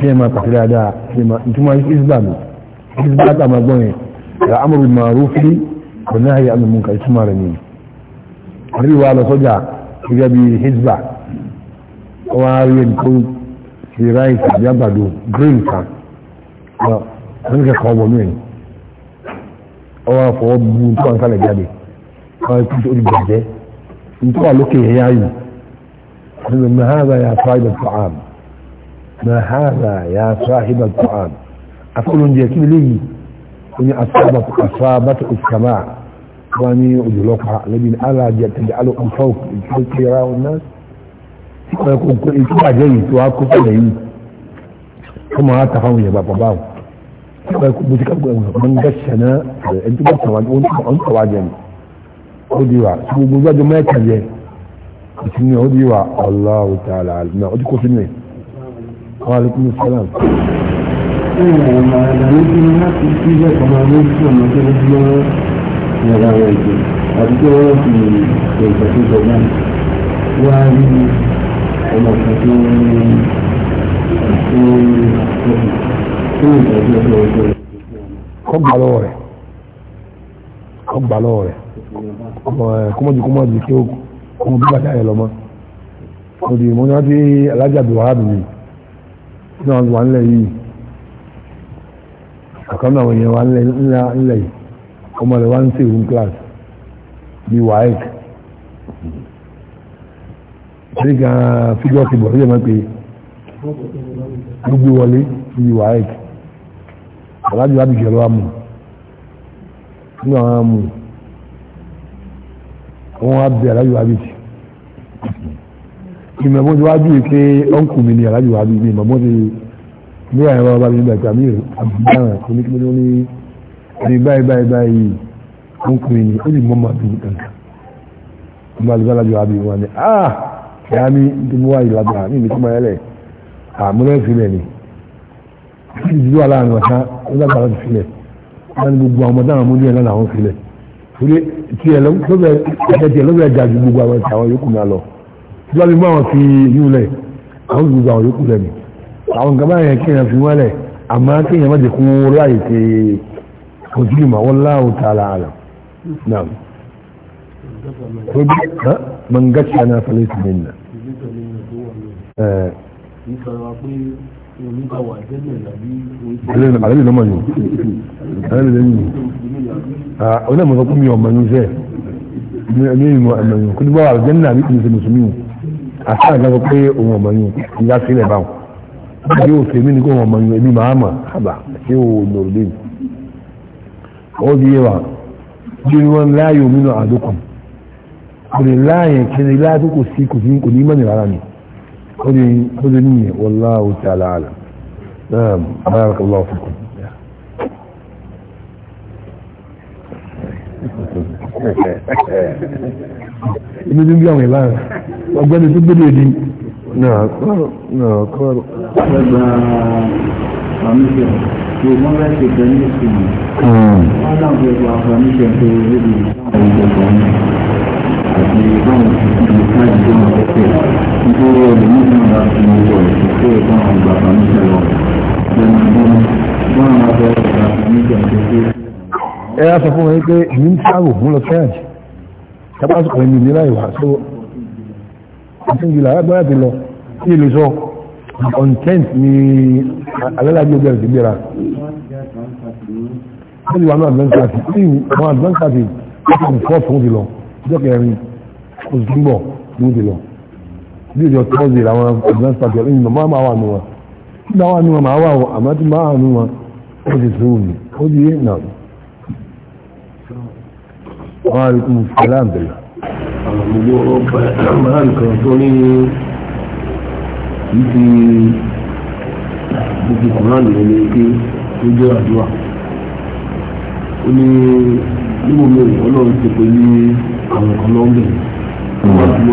kí ẹ máa pàtẹ dáadáa kí ẹ máa ìtumọ̀ hizba ní hizba tá a máa gbọ́ yẹn alamọbi maruf ní ní ayọ àwọn nìkan ìtumọ̀ rẹ̀ nìyí. àbí wàá lọ sọ́jà gẹ́gẹ́ bí hizba wọ́n á rí ẹni tó ti ráyè tàbí àgbàdo green kan wọ́n kẹ́kọ̀ọ́ ọmọ mi rìn ọwọ́ àfọwọ́ bu nǹkan kálẹ̀ jáde wọ́n á kú sí olùgbàjẹ́. انتوا لك هي عين ما هذا يا صاحب الطعام ما هذا يا صاحب الطعام أقول إن جيك لي إني أصابت أصابت السماء واني أجلوك الذين ألا تجعلوا أن فوق الكيراء والناس ويكون كل إتباع جيد وهاكو فلهي ثم هاتفهم يا بابا باو ويكون بتكبر من قشنا أنتم بس واجبون أنتم واجبون ó di wa gbogbo gbàdúrà mẹ́ta yẹ ìsinmi ó di wa Allahu ta'ala alimẹ ó ti kó sínú ẹ wa alaikum salam. ṣé ìyàwó máa ń darí sí ní láti sí ilé ẹ̀kọ́ máa ń sí ọ̀nà tó ń lọ ìyàrá rẹ̀ jù àti pé wọ́n fi ìgbà tó jọ náà wá rí ọmọ kan tó ń tó ń tó ń ìgbà tó jọ ọjọ́ rẹ̀. kọ́ gbà lọ́wọ́ rẹ̀ kọ́ gbà lọ́wọ́ rẹ̀ ọmọ ẹ kọmọdé kọmọdé kí ó kọmọ bí bàtà yẹ lọmọ òdì mo ní wọn ti alájà bí wàhálà mi ní wọn wà nílẹ̀ yìí àkànnà àwọn èèyàn wà nílẹ̀ yìí ọmọ rẹ wà ń sè room class bí wàhálà ní kan fíjọ́ ti bọ̀ ní ẹ̀mọ́ pé gbogbo wọlé ní wàhálà alájà bí jẹ̀rọ amù ní àwọn amù wọ́n á bẹ alájò wábí jì ìmọ̀ mọ́tò wájú yìí pé ọ̀nkù mi ni alájò wábí mi ìmọ̀ mọ́tò ní àyàn bá wábí nígbà tí àmì àbúdáhàn kò ní kí wọ́n ní ẹni báyìí báyìí báyìí ọ̀nkù mi ni ó sì mọ́ máa dùn kankan ọmọ àdúgbò alájò wábí wọn ni ah ìyá mi tó mú wáyé lágbára ní ìmìtí máa yẹlẹ̀ àmúlẹ̀ sílẹ̀ ni ìdílé aláàánú ọ̀sán ó dàgbà láti sílẹ̀ láti gbogbo àwọn ọmọdé àwọn ọmọdé yẹn lánàá àwọn sílẹ̀ torí tiẹ̀ lọ́bẹ̀ ga ju gbogbo àwọn ìtàwọn yòókù náà lọ tí wọ́n fi mú àwọn fi yíw lẹ̀ àwọn fi gbogbo àwọn yòókù lẹ̀ mi àwọn nǹkan báyẹn kí èèyàn fi wọ́n lẹ̀ àmọ́ kí èèyàn má ti kún láì ṣe ojú ìmọ̀ wọn láwù tá a la àlà náà tóbi mọ̀ngàtì àná fẹlẹ́ sí mi nà. Àlẹ́ ni lọ́mọ yìí. Àlẹ́ ni lọ́mọ yìí. Ah, ọ̀nà mọ̀ sọ́kún mi ọ̀mọ ní sẹ́ ní ìmọ̀ ẹ̀mọ̀ yìí kó dúpọ̀ àwọn jẹ́nà àbí kìí ṣe mùsùlùmí o àṣà ìgbà pé òun ọ̀mọ yìí ìyá sílẹ̀ báwọn bí o fèmí ni kó òun ọ̀mọ yìí ẹbí màá mà àbà ṣé o lòrò dé ó di yẹwà bí wọn láàyò mí náà àdókùn kò lè láàyè kiri láàyè kò sí kò sí kò ní mọ̀ nìlára ni ó di ó di níyẹn wallahu ta'ala alam náà báyà kọ́ lọ́wọ́ fún inú tó ń bí àwọn ìlà rẹ̀ ọgbẹ́ni tó gbé lóde. náà kọ́ náà kọ́ ọ̀rọ̀. Hmm. ẹgbẹ́ àmìṣẹ́ tó mọ́ bẹ́ẹ̀ ṣe pẹ̀lú ìsìnkú. wọ́n dáhùn pé kò àfàmìṣẹ́ tó lébi láwọn ìjọba ní àti báwọn ìṣẹ̀lẹ̀ láti tó máa tẹ̀sẹ̀ nítorí ọ̀dọ̀ nígbà náà ti mú ọ̀rọ̀ ẹ á sọ fún wọn pé èmi ń sáàbò mú lọ kẹ́ẹ̀jì tábàsùkọ ẹni ìlera ìwà tó ìtúnjìlá agbára ti lọ sí ìlú sọ content ni alẹ́lájú ọjọ́ ìsìn gbéra ó ti wà ní advance class ní àwọn advance class ó ti fọ́ fún ti lọ ọjọ́ kẹrin oṣù tó ń bọ̀ ní ó ti lọ bí ìjọ tọ́sí làwọn advance class ọ̀rẹ́ ìgbà máa máa wà nù wọn nígbà wà nù wọn máa wà wọn àmọ́ tí máa wà nù wọn ó ti sùn ó ti yé náà وعليكم السلام بالله Ibi ibi Kùrán ní ilé ike tó jẹ́ àdúrà. ní níbo mi ọlọ́run ti pè ní àwọn kan ní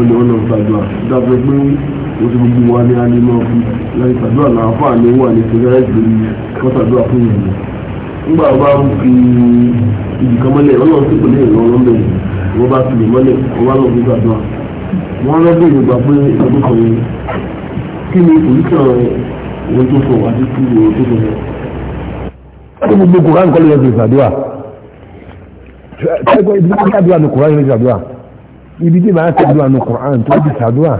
ọlọ́run ṣàdúrà. Dábẹ́ ti gbogbo wa ní alẹ́ náà fún. nígbà wọn bá fi ibìkan mọ́lẹ̀ wọn náà sì pèlè ìrọ̀ wọn bẹ̀rẹ̀ wọn bá fi lè mọ́lẹ̀ wọn bá lọ gbígbà dùn wọn lọ bẹ̀rẹ̀ gbà pé ìṣòro kan yẹn kí ni pòlíṣàn wọn tó sọ àti kí ni wọn tó sọ yẹn. wọ́n ti gbogbo kùrán kọ́lé yẹn fi ìsàdúrà ṣẹ́gun ibi tí àdúrà ní kùrán yẹn fi ìsàdúrà ibi tí màá ṣàdúrà ní kùrán tó fi ìsàdúrà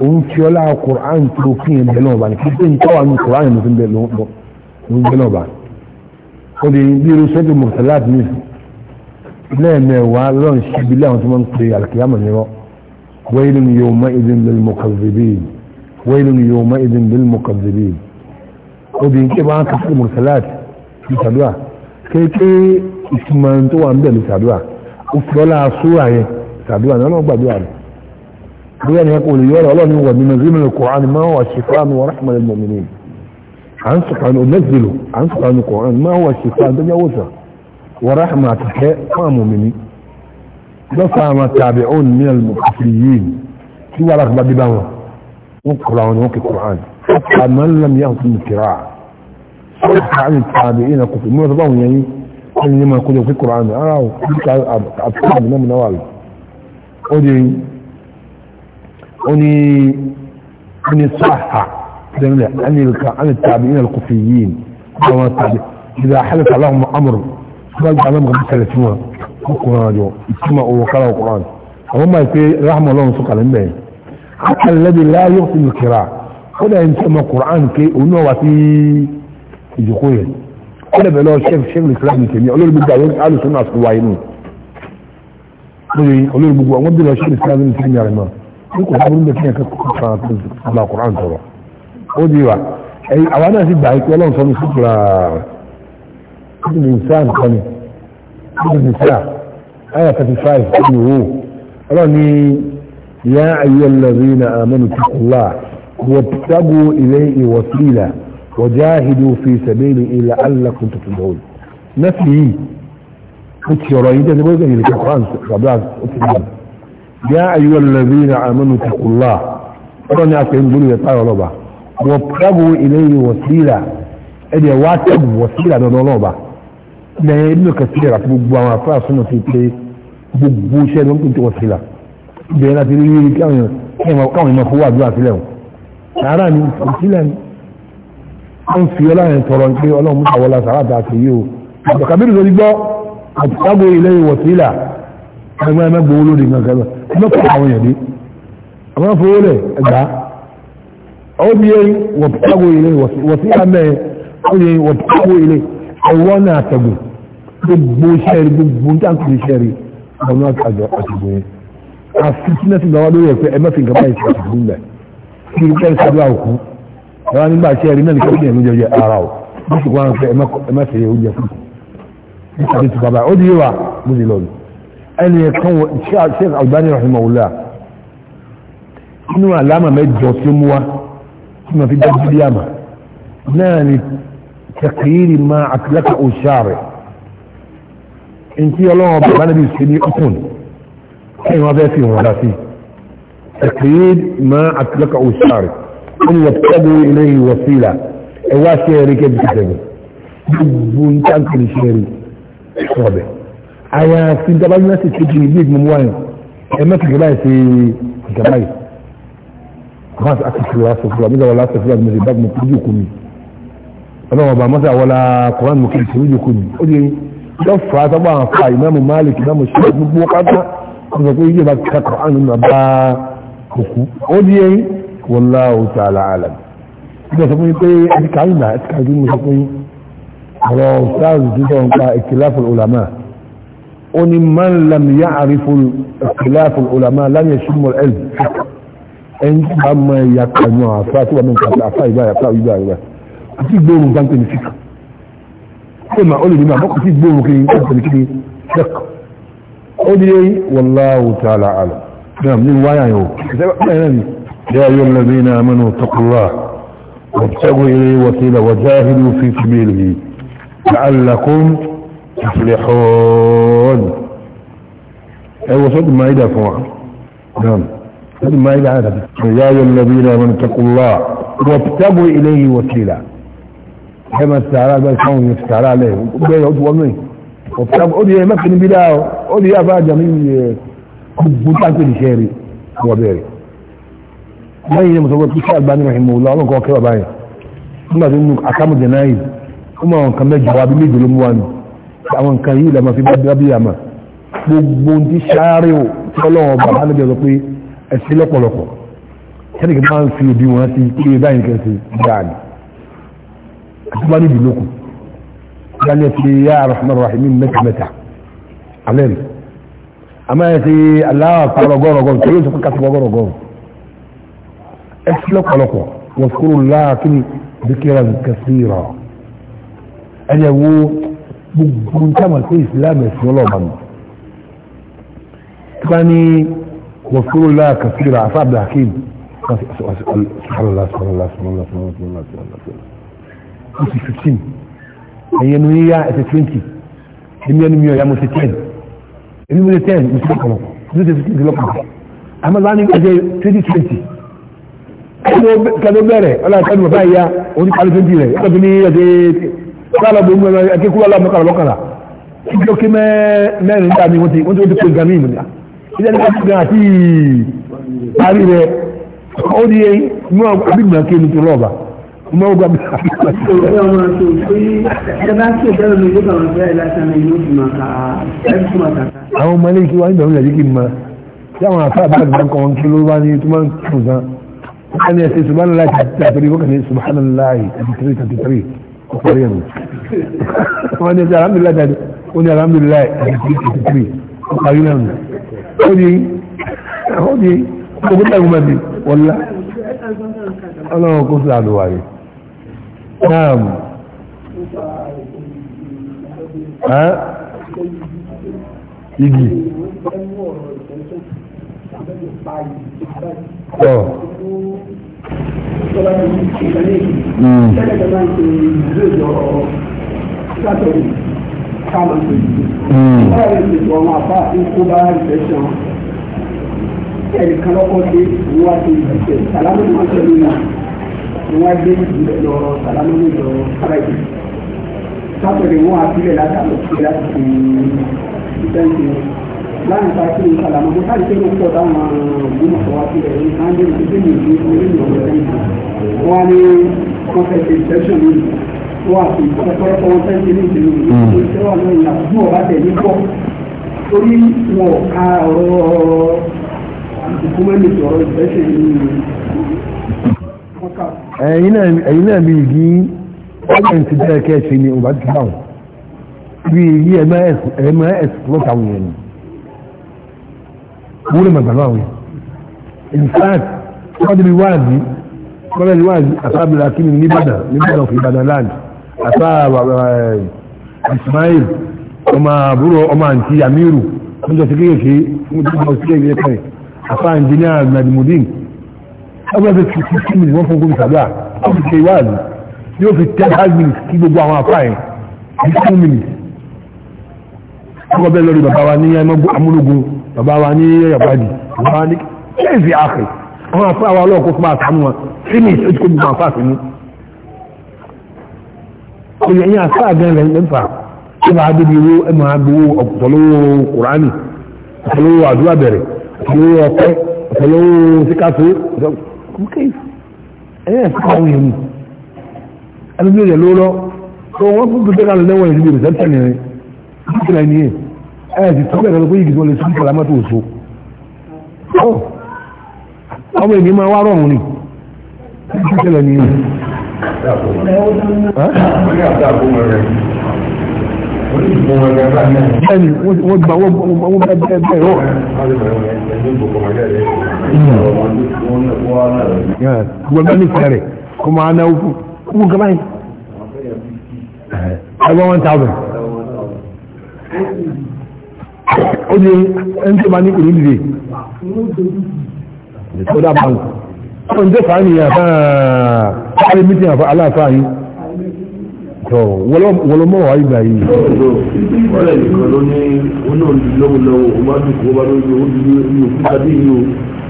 òun ti ọlá kùrán tó fi ìbẹ̀ náà bá ní kí n tọ́wà ní kùrán yẹn ló fi ń bẹ̀ lọ́wọ́ ó di bí irú sẹ́dù mọ̀tàlá àti nìsí lẹ́ẹ̀mẹ̀wàá lọ́n síbi láwọn tí wọ́n ń pè àlùkìyàmọ̀ ní wọ́n wailun yawma idhin lil mukazzibin wailun yawma idhin lil mukazzibin ó di nkí bá ń kà sẹ́dù mọ̀tàlá àti ìsàdúrà kéèké ìtumọ̀ tó wà ń bẹ̀rù ìsàdúrà ó fi ọlá sóra yẹn ìsàdúrà náà lọ́n gbàdúrà bóyá ni wọn kò yọrọ ọlọ́run wà nínú zimu kùránì máa wà ṣèkọ́ àmì wọn rahmatul عن سبحانه نزله عن سبحانه القرآن ما هو الشفاء ده جوزها ورحمة قاموا مني دفع ما التابعون من المكفريين سوى رغبة بباوة وقرآن وقت القرآن حتى من لم يهتم القراءة صدق عن التابعين كفر ما رضاهم يعني أن لما يقولوا في القرآن أراه كنت أتكلم من نوال أدري أني أني صحة عن التابعين القفيين إذا حدث لهم أمر فقال أمام قبل ثلاثمها القرآن جو اسمعوا وقرأوا القرآن وهم في رحمة الله ونسوك على لهم حتى الذي لا يغسل الكراع قد ينسمى القرآن كي ونوع في جخوية ولا بلو الشيخ الشيخ الإسلام الكيمياء قالوا له بدأ يقول قالوا سنة أصلوائنون قالوا له بدأ ودي له الشيخ الإسلام يا رحمه يقول حبرون بكينا على القرآن ترى خذي اي وانا في بايك ولا وصلني شكرا كل الانسان كوني كل النساء آية 35 هو أراني يا أيها الذين آمنوا اتقوا الله وابتغوا إليه وسيلة وجاهدوا في سبيله إلى لعلكم تدعون نفي كنت يريد أن يقول لك القرآن قبلها يا أيها الذين آمنوا اتقوا الله راني أسألهم بني يا طاير الله وابتغوا إليه وسيلة ẹni ẹ̀wọ́ atẹ́gù wọ̀ sí ìlànà ọlọ́ọ̀bá ní inú kẹsìlẹ̀ àti gbogbo àwọn afẹ́ àsúnà sí pé gbogbo iṣẹ́ ló ń pè wọ̀ sí ìlà ìbẹ̀rẹ̀ láti rí rí káwọn ìmọ̀ fowó àdúrà sílẹ̀ wọn sàárà ni ìsílẹ̀ ni wọ́n ń fi ọlọ́run tọrọ pé ọlọ́run mú àwọlá sàárà dà sí yìí o àbùkàbírì lórí gbọ́ àtìkágbó ilé wọ̀ sí ìlà ẹgbẹ́ ẹgbẹ́ gbowó lórí nǹkan kẹfà ẹgbẹ́ kọ́ àwọn èèyàn dé àwọn afọwọ́lẹ̀ ẹgbàá أولي وابتغوا إليه وصيحة ما أولي وابتغوا إليه أولا أتقوا gbogbo sẹ́ẹ̀rì gbogbo ní àkùnrin sẹ́ẹ̀rì ọ̀nà àjọ àtìgbò yẹn àfitínà ti lọ́wọ́ lórí ẹ̀fẹ́ ẹ̀mẹ́fì nǹkan báyìí ti àtìgbò ńlẹ̀ kí ní kẹ́rì sábà òkú ẹ̀rọ nígbà sẹ́ẹ̀rì náà ní kẹ́rì ní ẹ̀mẹ́jọ jẹ ara o bí ṣùgbọ́n àwọn fẹ́ ẹ̀mẹ́fì yẹ oúnjẹ fún mi tàbí ti bàbá ó di yé wa mo ti lọ ẹni yẹn kan wọ Sheikh Albani rahimahullah inú àlámà mẹ́jọ tí ó wa tí ma fi dá bíbí àmà náà ni tẹkìrì máa àtìlẹ́kà òṣàrẹ̀ nkí ọlọ́wọ́ bàbá níbi ìṣe ní ọkùn kí wọ́n fẹ́ fi wọ́n dá sí tẹkìrì máa àtìlẹ́kà òṣàrẹ̀ wọ́n wọ́n tẹ́gbó ilé ìwọ̀ sílà ẹ wá sí ẹ̀rí kẹ́bi tẹ̀gbó gbogbo ń tán kiri sí ẹ̀rí sọ̀bẹ̀ àyàfi dábàá yín láti ṣe kí ní ilé ìgbìmọ̀ wáyà ẹ̀ mẹ́tìkì báyìí ṣe ìjàmbá yìí kọ́ńtà akẹ́kọ̀ọ́ aṣọ fúlọ̀ mi lọ́wọ́ láti fúlọ̀ mi lè bá mi kú jù kú mi ọlọ́wọ́ bá mọ́tà wọlá kọ́ńtà mi kú jù kú mi ó di lọ́ fà á sábà àwọn fa ìmáàmù Malik ìmáàmù ṣe gbogbo pátá ọ̀sọ̀ pé yíyẹ bá kẹ́kọ̀ọ́ àánú náà bá òkú ó di yẹn wallahu ta'ala alam ìgbà sọ fún yín pé ẹni kàrí nà ẹni kàrí nínú sọ fún yín ọ̀rọ̀ sáàzù tó sọ ulama ó man lam ya'rifu ikhtilafu ulama lam yashmul ilm ẹni tí a mọ ẹ̀yà kanú àfa tí wọ́n mú nǹkan àfa ìgbà àfa ìgbà ìgbà àti gbóòrùn gbáǹkì ní fíkà ṣé màá ó lè ní àbọ̀kù sí gbóòrùn kiri gbáǹkì ní kiri dẹ́kọ̀ ó di yé wallahu ta'ala àlọ́ náà ní wáyà yòó ṣe bá bẹ́ẹ̀ náà ni. yā ayyuhal ladhīna āmanū ittaqullāh وابتغوا إليه وسيلة وجاهدوا في سبيله لعلكم تفلحون أيوة صد ما يدفعون نعم هذه ما إلى هذا يا أيها الذين آمنوا اتقوا الله وابتغوا إليه وسيلة كما استعلاء بالكون يستعلاء عليه وبيعود ومي وابتغوا أولي مكن بلاه أولي أفا جميل بطاك الشيري وبيري لين مصور كشاء الباني رحمه الله الله كوكب باي ثم تنك أكام الجنائز ثم كم جواب لي دلموان àwọn kan yìí lẹ́mọ̀ fi bá bí i àmà gbogbo ti ṣáàrí ọlọ́wọ̀n bàbá níbi ọ̀sọ̀ pé ẹ̀sìn lọ́pọ̀lọpọ̀ ẹnì kan máa ń fi òbí wọn sí pé báyìí nìkan ṣe dáa ni àti bá níbi lóko ìdáni ẹ̀sìn yá arahman rahimi mẹ́ta mẹ́ta alẹ́ rẹ̀ àmọ́ ẹ̀sìn aláwọ̀ pàrọ̀gọ́rọ̀gọ́rọ̀ tó yóò sọ fún kásìbọ̀gọ́rọ̀gọ́rọ̀ ẹ̀sìn lọ́pọ̀lọpọ̀ wọ́n kúrò láàkín bíkẹ́rà kẹsìrà ẹ̀yẹ̀ wo gbogbo nǹkan mọ̀ sí ìsìlámù ẹ̀sìn ọlọ́ọ̀bà mi. واذكروا الله كثيرا عفا عبد الحكيم سبحان الله سبحان الله سبحان الله سبحان الله سبحان الله سبحان الله في 15 هي نوية 20 لم نوية يا مستين هي مستين مستقلق نوية 15 لقلق أما الآن أجي 2020 كانوا بيري ولا كانوا بايا ونقع على 20 لي أنا بني أجي قال أبو أكيد كل الله مقال وقال كما ما نتعني وانت وانت وانت كل جميل منها ilé ẹni kọ́sí gan àti parí rẹ̀ ó ní mọ́ abígbà kí ni tó lọ́ọ̀bà mọ́ ọgbà bí àwọn ọmọ ilé-ìkí wá nígbà mílẹ̀ kí n ma tí àwọn àfáà bá gbà kọ́ wọn kí ló bá ní tó máa ń tún san wọ́n ní ẹsẹ̀ subhanallah tàbí wọ́n kàn ní subhanallah tàbí tàbí tàbí ọ̀pọ̀lọpọ̀ yẹn wọ́n ní ẹsẹ̀ alhamdulillah tàbí wọ́n ní alhamdulillah tàbí tàbí tàbí ọ̀pọ̀lọpọ̀ yẹn ọdí ọdí ọgbọ́n ẹgbùn mẹ́bí wọlá ọlọ́run kó sí àdúwà rẹ̀ náà mú igi ọ̀ Mm kálọ̀ tó yìí. Hmm. báwo ni ètò ọmọ àbá ikú bá ìfẹ́ sàn ẹnì kan lọ́kọ́ dé wọ́n á ti ìdíje sàlámù ní wọ́n tẹ̀lé náà wọ́n á dé ìdíje lọ́rọ̀ sàlámù ní lọ́rọ̀ kára ìdí. sátọ̀dẹ̀ wọ́n á sílẹ̀ látàlọ́ sí láti fi ìdẹ́ǹtì láàrin ta sí ní sàlámù mo sáré pé mo pọ̀ wà sí ọ̀pọ̀lọpọ̀ wọn sẹ́ńtì hmm. ní ìlú ìṣẹ́ wà lóyìn àbúrò ọ̀bá tẹ̀lé pọ̀ torí wọn ka ọ̀rọ̀ ìkúmẹ́lì sọ̀rọ̀ ìfẹ́sẹ̀ ní mọ́kà. ẹ̀yin náà bí igi ọ̀gbìn ti bẹ́ẹ̀ kẹ́ẹ̀sì ni ọba ti báwọn bí igi ẹ̀mọ́ ẹ̀sìpọ̀tà wọn yẹn ni wúlò màgbàlá wọn in fact wọ́n ti bí wáàzí kọ́lẹ́ẹ̀lì wáàzí àtàbílà kí ni níbàdàn níbàdàn fún Ìbàdàn láàdì àtàbà eh, Ismail ọmọ àbúrò ọmọ àǹtí Amiru wọ́n jọ sí kéèkéé fún ìdíjọ sí kéèkéé pẹ̀lú àfà ìjìnlẹ̀ Nadimudin ọgbẹ́fẹ́ ti fi sí mi wọ́n fún gómìnà sàdúrà ó fi ṣe ìwádìí yóò fi ten five minutes kí gbogbo àwọn àfà yẹn ní two minutes ọgbẹ́ bẹ́ẹ̀ lórí bàbá wa ní amúlógún bàbá wa ní yabadi bàbá wa ní kéèfì àkè àwọn àfà wa ọlọ́ọ̀kọ́ fún àtàmù wọn finish ó ìyẹn yẹn àfáà gan rẹ̀ nípa tí wàá débi owó ẹ máa gbowó ọ̀pọ̀lọwọ́ kùránì ọ̀pọ̀lọwọ́ àdúrà bẹ̀rẹ̀ ọ̀pọ̀lọwọ́ ọ̀pẹ ọ̀pọ̀lọwọ́ síkàtó ọ̀pọ̀lọwọ́ ẹ̀yẹ́ ẹ̀fọ́ àwọn èèyàn ẹni bí ìyẹn ló lọ tó wọ́n fún gbogbo kan lẹ́wọ̀n ìlú ìrìsẹ́ tẹ̀lé rẹ̀ nígbà ní ẹ̀ ẹ̀ ti tọ́ bẹ̀rẹ̀ lọ́pọ̀ yìí ọmọ ènìyàn máa rọrùn ni nígbà tẹ̀lé Bẹ́ẹ̀ni wọ́n gba wọ́n bẹ́ẹ̀ bẹ́ẹ̀ bẹ́ẹ̀ rọ̀. Wọ́n bẹ́ẹ̀ ní fẹ́rẹ̀ kó máa náwó fún kúrò gaba yìí. Ẹgbẹ́ one Ó di ẹni tó bá ní kò ní Ó dá báńkì. Ó ń tẹ́ fàá nìyà fáà a yi mitin a fa ala sa yi tọ wọlọmọ wa yi gba yi. wọ́n lè nìkan ló ní wọn náà di lọ́wọ́lọ́wọ́ o bá dùn kó o bá dùn o di ní òkúta bí yìí o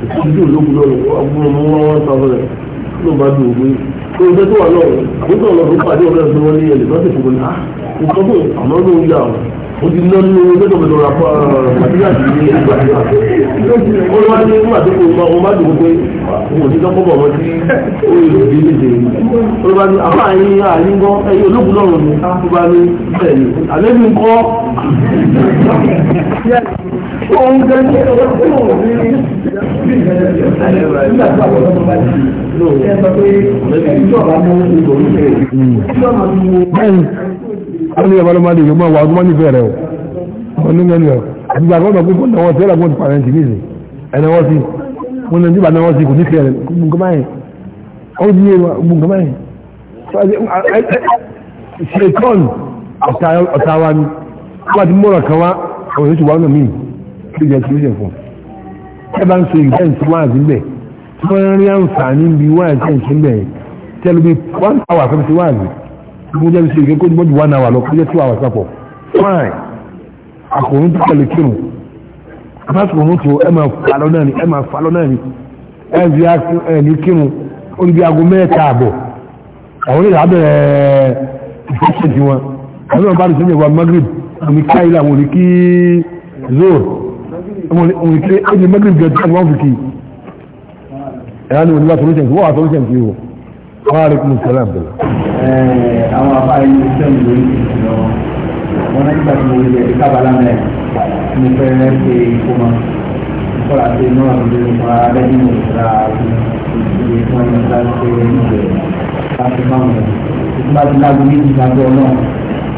òkúta bí yìí o lọ́wọ́lọ́wọ́ àwọn ọmọ wọn o sáfẹ́ rẹ̀ ló bá dùn o pé tó ń jẹ́ tó wà náà àbúkọ̀ lọ fún pàdé ọ̀rẹ́ ìṣòro ní ẹ̀lẹ́ lọ́sẹ̀ fún mi ah, nǹkan bò àmọ́ ló ń yà ọ́ ó ti lọ nínú owó tó tọ̀bẹ̀tọ̀ ra fún ah, àdúrà sí ilé ìgbà tí wọ́n lọ́wọ́ ní nígbà tó kó o má dùn pé òun ah, ò ní kọ́kọ́ bọ̀ wọ́n tí ó yẹ òbí òun gan ní ọjọ́ tí òun ò ní rí bí ìgbàlẹ̀ nígbà tí àwọn ọmọ bá ti lò ó ẹ sọ pé ìjọba mú ìbò ní kéré ìjọba mú. bẹ́ẹ̀ni wọ́n ní ìyàbálò máa di ìyọ̀mọ́ àwọn agbọ́n nífẹ̀ẹ́ rẹ̀ o wọ́n ní mẹ́rin o àti ìgbà àgbọ̀dọ̀ pé fún àwọn tẹ́lẹ̀ fún ìpàrẹ̀ ìtì nìyí ẹ̀nà wọ́n sí wọn ní ìjọba náà wọ́n sí kò nífẹ̀ẹ́ rẹ̀ gbùngbàmáyìn ó di gbùngbàmáyìn ṣe tọ́ọ̀nù ọ̀tá wa ni wọ́n ti mọ̀rọ̀ kan wá àwọn yóò ti wá ọ̀nà míì jẹ́ solution fún ẹ bá ń so event wáàzí bẹ̀ tí wọ́n rí àǹfààní bí wáàzí ẹ̀ ń bẹ̀ tẹ́lu bí one hour fẹ́ fi wáàzí mo jẹ́ solution kí kó gbọ́dù one hour lọ kó jẹ́ àwọn onílà abẹ́rẹ́ ìfẹ́ṣẹ̀ tiwọn àwọn magreth òní káìlà wọn ní kí zoor òní kí ẹni magrib gẹ̀ẹ́jì kan wọ́n fi kí ẹ̀yà ni òní wá solution wọ́n wá solution kí o wọ́n rí kún sẹ́lẹ̀ àbẹ̀lẹ̀. àwọn afárí ní sẹ́yìn ló ń sìn lọ wọn náà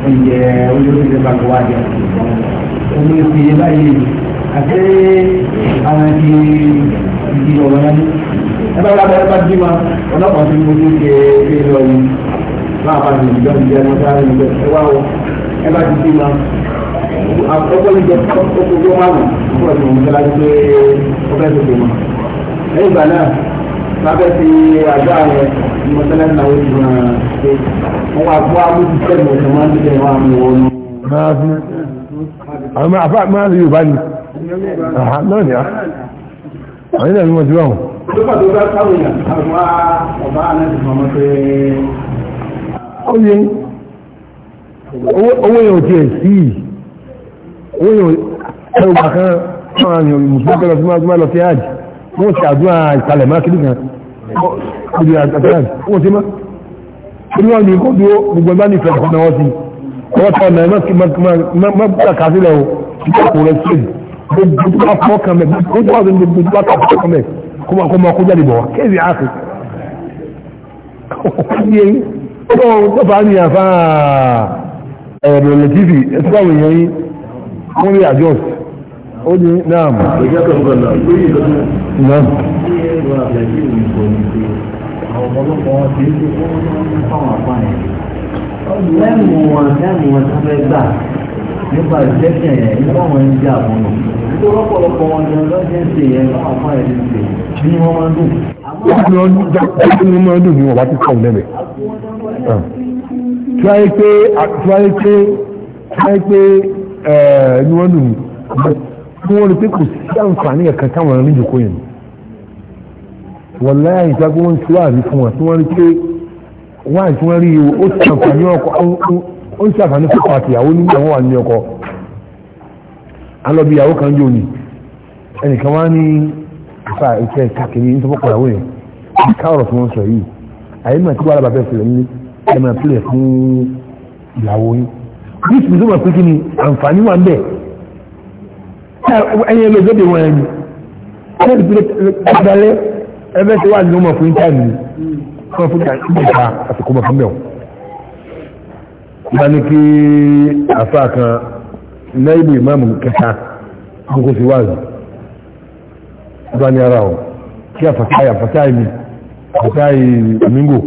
oúnjẹ olóṣèlú bá wà jẹ omi fi báyìí àti àwọn ti di ọ̀rọ̀ yẹn ẹ bá wàá bá bí ma ọlọ́pàá ti mú ní ṣe ṣe lọ yìí máa bá ti jọ ìjẹ ní sáré ní bẹ ẹ wá wọ ẹ bá ti bí ma ọkọ ní jẹ ọkọ tó máa wù ọkọ tó ń tẹ́lá pé ọbẹ̀ tó dé ma lẹ́yìn ìgbà náà bá ti àjọ àwọn mọ́sálásí àwọn ìlú náà ṣe wọ́n wá gbọ́ àbújú máa ń tẹ̀lé wọn náà ni a àwọn ilé ìwọ̀n ti owó yẹn ò tiẹ̀ sí owó yẹn ẹ̀rù bàkan máa yàn mùsùlùmí kẹlẹ́ fún máa lọ sí àjì wọ́n ti àdúrà ìkàlẹ̀ máa kiri kan ìdí àtàkùn wọ́n ti mọ́ torí wọ́n ní kó dúró gbogbo ẹgbẹ́ ní ìfẹ̀kọ́ náà wọ́n ti ọwọ́ o ìjọ́kù rẹ̀ sí gbogbo àpọ̀ kan mẹ́ gbogbo àwọn ọ̀dọ́ gbogbo àpọ̀ kan mẹ́ kó máa kó máa kó jáde bọ̀ wá kéèzì áàfì ọ̀hún tó bá ní àfá ẹ̀rọ lẹ́tífì ẹ̀tọ́ àwọn èèyàn yìí wọ́n tó àbẹ̀lẹ̀ ìlú ìbò ní pé àwọn ọ̀pọ̀lọpọ̀ wọn ti ń tó fún wọn ní fáwọn apá yẹn. lẹ́nu wọn lẹ́nu wọn tó fẹ́ gbà nípa ìjẹ́kẹ̀ yẹn nípa wọn ń jẹ́ àwọn ọ̀nà. nítorí ọ̀pọ̀lọpọ̀ wọn jẹun lọ́jọ́ ń ṣe yẹn fáwọn apá yẹn ń ṣe ní wọ́n máa ń dùn. wọ́n ti lọ ní máa ń dùn ní wọ́n bá ti kọ̀ lẹ́bẹ̀ẹ́. tí wáyé pé tí wáyé pé tí wáyé pé wọ́n rí pé kò sí àǹfààní ẹ̀ka táwọn arìnrìn jòkó yẹn wọ́n láyà ìjágbó ń ṣe wáàrí fún wọn tí wọ́n rí pé wáàrí tí wọ́n rí o ó ti àǹfààní ọkọ ó ń ṣe àǹfààní fún pàtì ìyàwó nínú àwọn wà ní ọkọ alọ́bí ìyàwó kan yóò ní ẹnìkan wá ní ìfà ìfẹ́ káàkiri ní tọ́pọ̀ ìyàwó yẹn ìka tí wọ́n sọ yìí àyè máa tí wàhálà bàbá ẹ̀fẹ̀ ní ẹ̀ máa pílẹ̀ fún ìyàwó yìí bí ìsìn ẹgbẹ́ tí wà ní ọmọ fún táìmù fún fún táìmù ìgbà àsìkò ọmọ fún mẹ́wọ̀n bá ní kí àfá kan náìbù ìmáàmù kẹta fún kó sí wáàzù bá ní ara ọ̀ kí àfàtáì àfàtáì mi àfàtáì àmíngò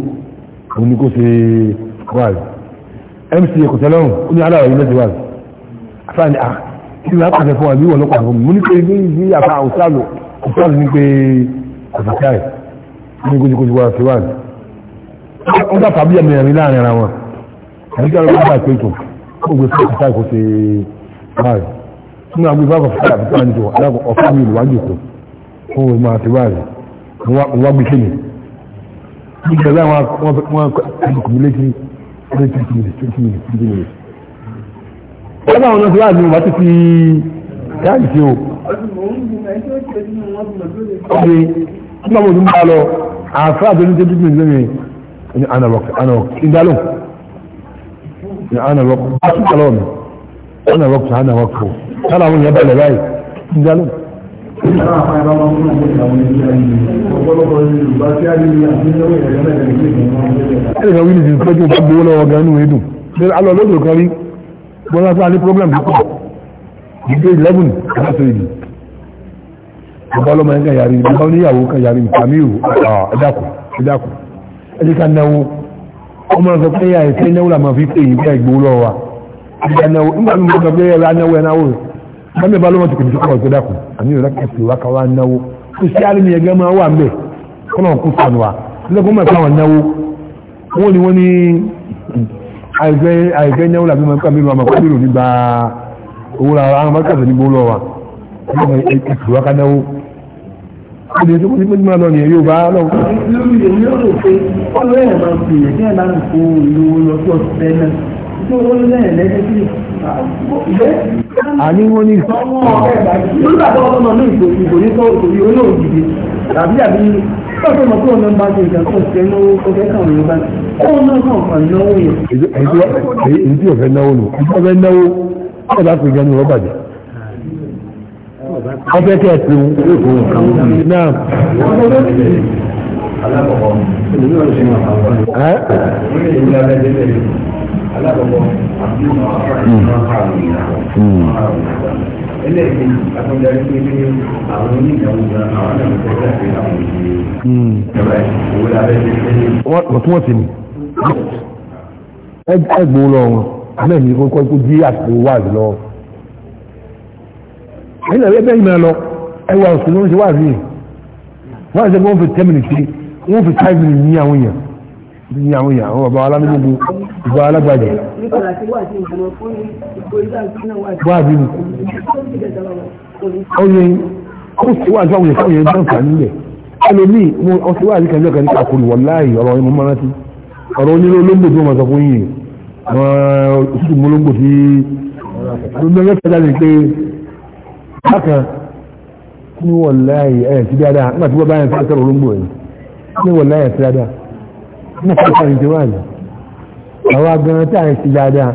òun ní kó sí wáàzù mc kòtẹ́lọ́rùn ó ní ara ọ̀ yìí mẹ́jọ wáàzù àfáà ní à kí ni a pàṣẹ fún wa bí wọ́n lọ́pàá mo ní pé ní àfà òṣàlù òṣàlù ní pé àtàkáì ní kójúkójú wa sí wáàdì wọ́n dá tàbí ẹ̀mí ẹ̀rí láàrin ara wọn àbíkí àwọn ọmọ àti ètò ó gbé fún àtàkáì kó ṣe báyìí nínú àgbé bá kọ̀ọ̀fà àti àwọn ètò aláàkọ̀ ọ̀fà mi ìlú wájú kò fún òun máa ti báyìí wọ́n gbé kéde ní ìgbà láwọn wọn kọ̀ mí létí ní twenty minutes twenty minutes twenty minutes. wọ́n bá wọn lọ sí nígbà mo tún bá lọ àfẹ́ àtẹnu tó dúpọ̀ nílé mi ní analog analog ìdálò ní analog bá tún bá lọ mi analog tó analog kò sára àwọn èèyàn balẹ̀ báyìí ìdálò. ẹ̀rọ kan wí ní ti pẹ́jú bá gbowó lọ́wọ́ gan-an nínú ìdùn alọ́ lóde kan rí bọ́lá fún alẹ́ program yìí pọ̀ ní pé 11 aláṣọ ìlú bàbá ọlọ́mọ ẹ̀ka yàrí bàbá oníyàwó kan yàrí kàmíù ẹ̀dàkù ẹ̀dàkù ẹ̀dí ká náwó ọmọ sọ pé yà ẹ̀fẹ́ náwó làmà fi pè yín bí ẹgbẹ́ olọ́ wa ẹ̀dá náwó nígbà tí mo sọ pé ẹ̀rọ anáwó ẹ̀náwó bàbá ìbá ọlọ́mọ ti kò tó kọ̀ ẹ̀dàkù àmì ìrọ̀lá kẹsì wa káwá náwó kò sí alimi ẹ̀gẹ́ máa wà mbẹ̀ kọ́nà kó sànù wa lẹ́kọ̀ọ́ mọ̀ káwọn náwó wọ́n ni wọ́n ní àìfẹ́ náwó làbí mọ̀ owó la àwọn mọ́kàtà ní gbólọ́ wa ọmọ ìtù akádáwó ó lè tó kó ní pé nígbà náà ni yóò bá lọ́wọ́. lórí èmi ó rò pé ọlọ́ọ̀ máa ń pè é kí ẹ̀ máa ń kó ìlú lọ sí ọ̀sẹ̀ náà tí owó lẹ́yìn lẹ́yìn sí àní wọ́n ní. nígbà tó ọmọ náà ní ìgò ní sọ òkòrí olóòjìdí tàbí àbí tọ́jú ọmọ tó ọmọ bá ṣe ìjà tó ṣe náwó ọgbẹ́ kan òun ó náà kàn fà náwó yẹn. èyí tí ọ̀fẹ́ ọ̀ bá pè gan ni wọ́n bàjẹ́ wọ́n fẹ́ kẹ́ ẹ̀ pé wọ́n ní àwọn oníyàwó gan àwọn náà fẹ́ láti àwọn wọn àmọ́ ẹ̀mí kó kọ́ kó jí àpò wáàzì lọ. ẹ̀yin náà ẹgbẹ́ ìmọ̀ lọ ẹwà òsùn ló ń ṣe wáàzì yìí wáàzì ẹgbẹ́ wọn fi ten minutes ṣe wọn fi five minutes ní àwọn èèyàn ní àwọn èèyàn àwọn bàbá alámi gbogbo ìgbà alágbàjẹ. wáàzì ni ó yẹ kó sì wáàzì àwọn èèyàn káwọn èèyàn dáǹfà nílẹ̀ ẹlòmíì ọ̀sẹ̀ wáàzì kan jẹ́ kan ní kàkúrú wọ̀ láàyè ọ̀rọ̀ ìmúmọ́rántí ọ̀rọ̀ onílé olóńgbò tó máa sọ fún yìí àwọn òṣìṣẹ́ ìmúlógbò tí gbogbo ẹgbẹ́ fẹ́jà ní pé bákan ní wọ́n láàyè ẹ̀ sí dáadáa nígbà tí wọ́n bá yẹn fẹ́ sọ̀rọ̀ olóńgbò yìí ní wọ́n láàyè sí dáadáa ní wọ́n fẹ́ sọ̀rọ̀ wáyé àwọn agan tí a ń sí dáadáa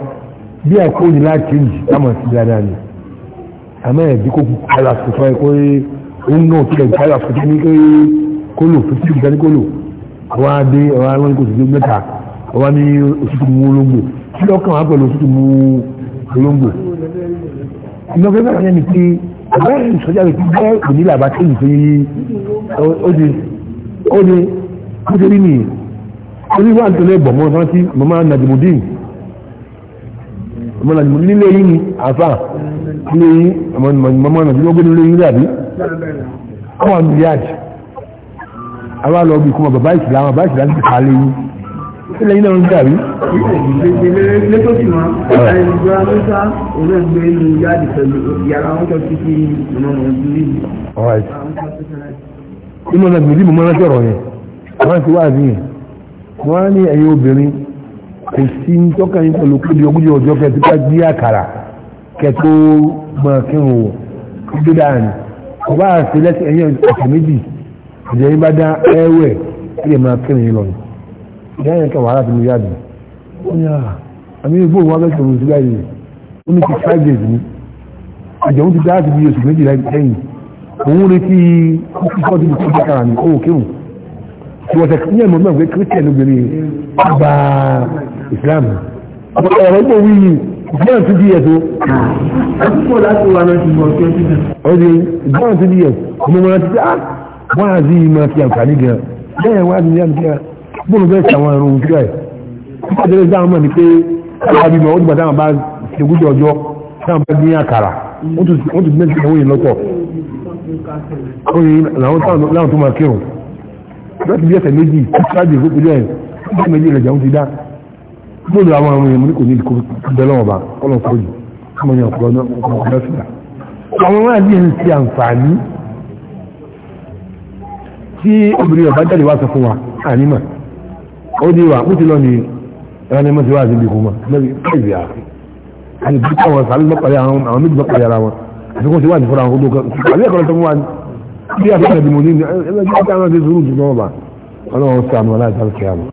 bí ẹ̀kọ́ ní láti jì kámọ̀ sí dáadáa ni àmọ́ ẹ̀ bí kò kú kálá sọ̀tọ̀ ẹ̀ pé òun náà ti lẹ̀ kálá sọ̀tọ̀ ní kólò fífi ìdánikólò àwọn adé àwọn alọ́nikòsí wọ́n ní òtútù mú olóńgbò kí lọ́kàn wá pẹ̀lú òtútù mú olóńgbò ìlọ́gbẹ́ bẹ̀rẹ̀ yẹn ni pé bẹ́ẹ̀ ìsọjá rẹ̀ ti bẹ́ẹ̀ òní làbá tí ìfẹ́ òde òde nítorí nìyí orí wà nítorí ẹ̀bọ̀ mọ́ rántí mama Najimudin mama Najimudin nílé yìí ni àfà nílé yìí mama Najimudin ọgbẹ́ nílé yìí dàbí àwọn àmì yáàjì àwọn àlọ́ bí kúmọ̀ bàbá ìsìlámù bàbá ìsìlámù ti kà á sílẹ̀ yìí náà ń dàbí. lẹ́tọ́sì máa àìsíjọ́ amẹ́sà olóògbé ní yáàdì pẹ̀lú yàrá wọn tó ti fi ìmọ̀nà ìdílé yìí. ìmọ̀nà ìdílé mi máa ń sọ̀rọ̀ yẹn wọ́n ti wá sí yẹn wọ́n á ní ẹ̀yin obìnrin kò sí tọ́ka yín pẹ̀lú kúndé ogójì ọjọ́ kẹtí ká gbé àkàrà kẹtó máa kírun o gbé dáhàní ọba àti lẹ́sìn ẹ̀yìn ọ̀sẹ̀ méjì ìjẹ́yìn bá dá ẹ̀wẹ̀ kí lè máa kírun yín lọ́yìn lẹ́yìn kan wàhálà tí mo yá dùn ó ní àà ah, àmì ìgbò wọn bẹ́ẹ̀ tòun sí báyìí ó ní ti five days ni àjọ̀wọ́n ti dáhà ti bí oṣù méjì lẹ́yìn òun retí kíkọ́ tí mo ti dákàrà ní owó kéwù tí wọ́n tẹ̀sí ní ẹ̀mọ́ mẹ́rin pé kírísítẹ̀nì obìnrin gba ìsìláàmù ọ̀rọ̀ ìgbò wí ìsìláàmù tún di ẹ̀tọ́ ẹ̀kúkọ̀ láti wà náà ti mọ̀ ọ̀kẹ́ títà ọdí ìsìláàmù tún di ẹ̀tọ́ ọmọ wọn ti dá wọ́n á sí ìmọ̀ àti àǹfààní gan bẹ́ẹ̀ wọ́n á sí ìyá bóòlù bẹ́ẹ̀ sàwọn ẹ̀rùn òjò ẹ̀ nípàdé lè dáhùn mọ̀ ní pé àbí mọ̀ ó dìgbà dáhùn bá ṣègúdì ọjọ́ dáhùn bá ní àkàrà wọ́n ti gbé ìṣẹ́ òyìn lọ́tọ̀ òyìn láwọn tó máa kírun láti bí ẹsẹ̀ méjì láti ìfó pẹ̀lú ẹ̀ ẹsẹ̀ méjì rẹ̀ jẹun ti dá bóòlù àwọn ọmọ yẹn mo ní kò ní ìdíkò bẹ́lọ́ ọba kọ́lọ̀ kọ́lù ọmọ yẹn ọ̀pọ̀ lọ́sìlá àwọn ọmọ yẹn ń ṣe àǹfààní tí obìnrin ọba jáde wá sọ fún wa ànímọ̀ ó ní wà kúti lọ ní ẹni mọ́ sí wá sí ibìkú mọ́ káìsì àfi àti bí káwọn sàlẹ̀ mọ́pàdé àwọn méjì mọ́pàdé ara wọn àti kó sí wá sí fúnra àwọn olókọ́ àlẹ́ ẹ̀kọ́ lọ́tọ́ fún wa ní bí àfihàn ìdìmọ̀ ní ẹgbẹ́ tí wọ́n ti sùúrù jù lọ́wọ́ bá ọlọ́wọ́ sàmù aláìsàlẹ̀ kẹ́ àmọ́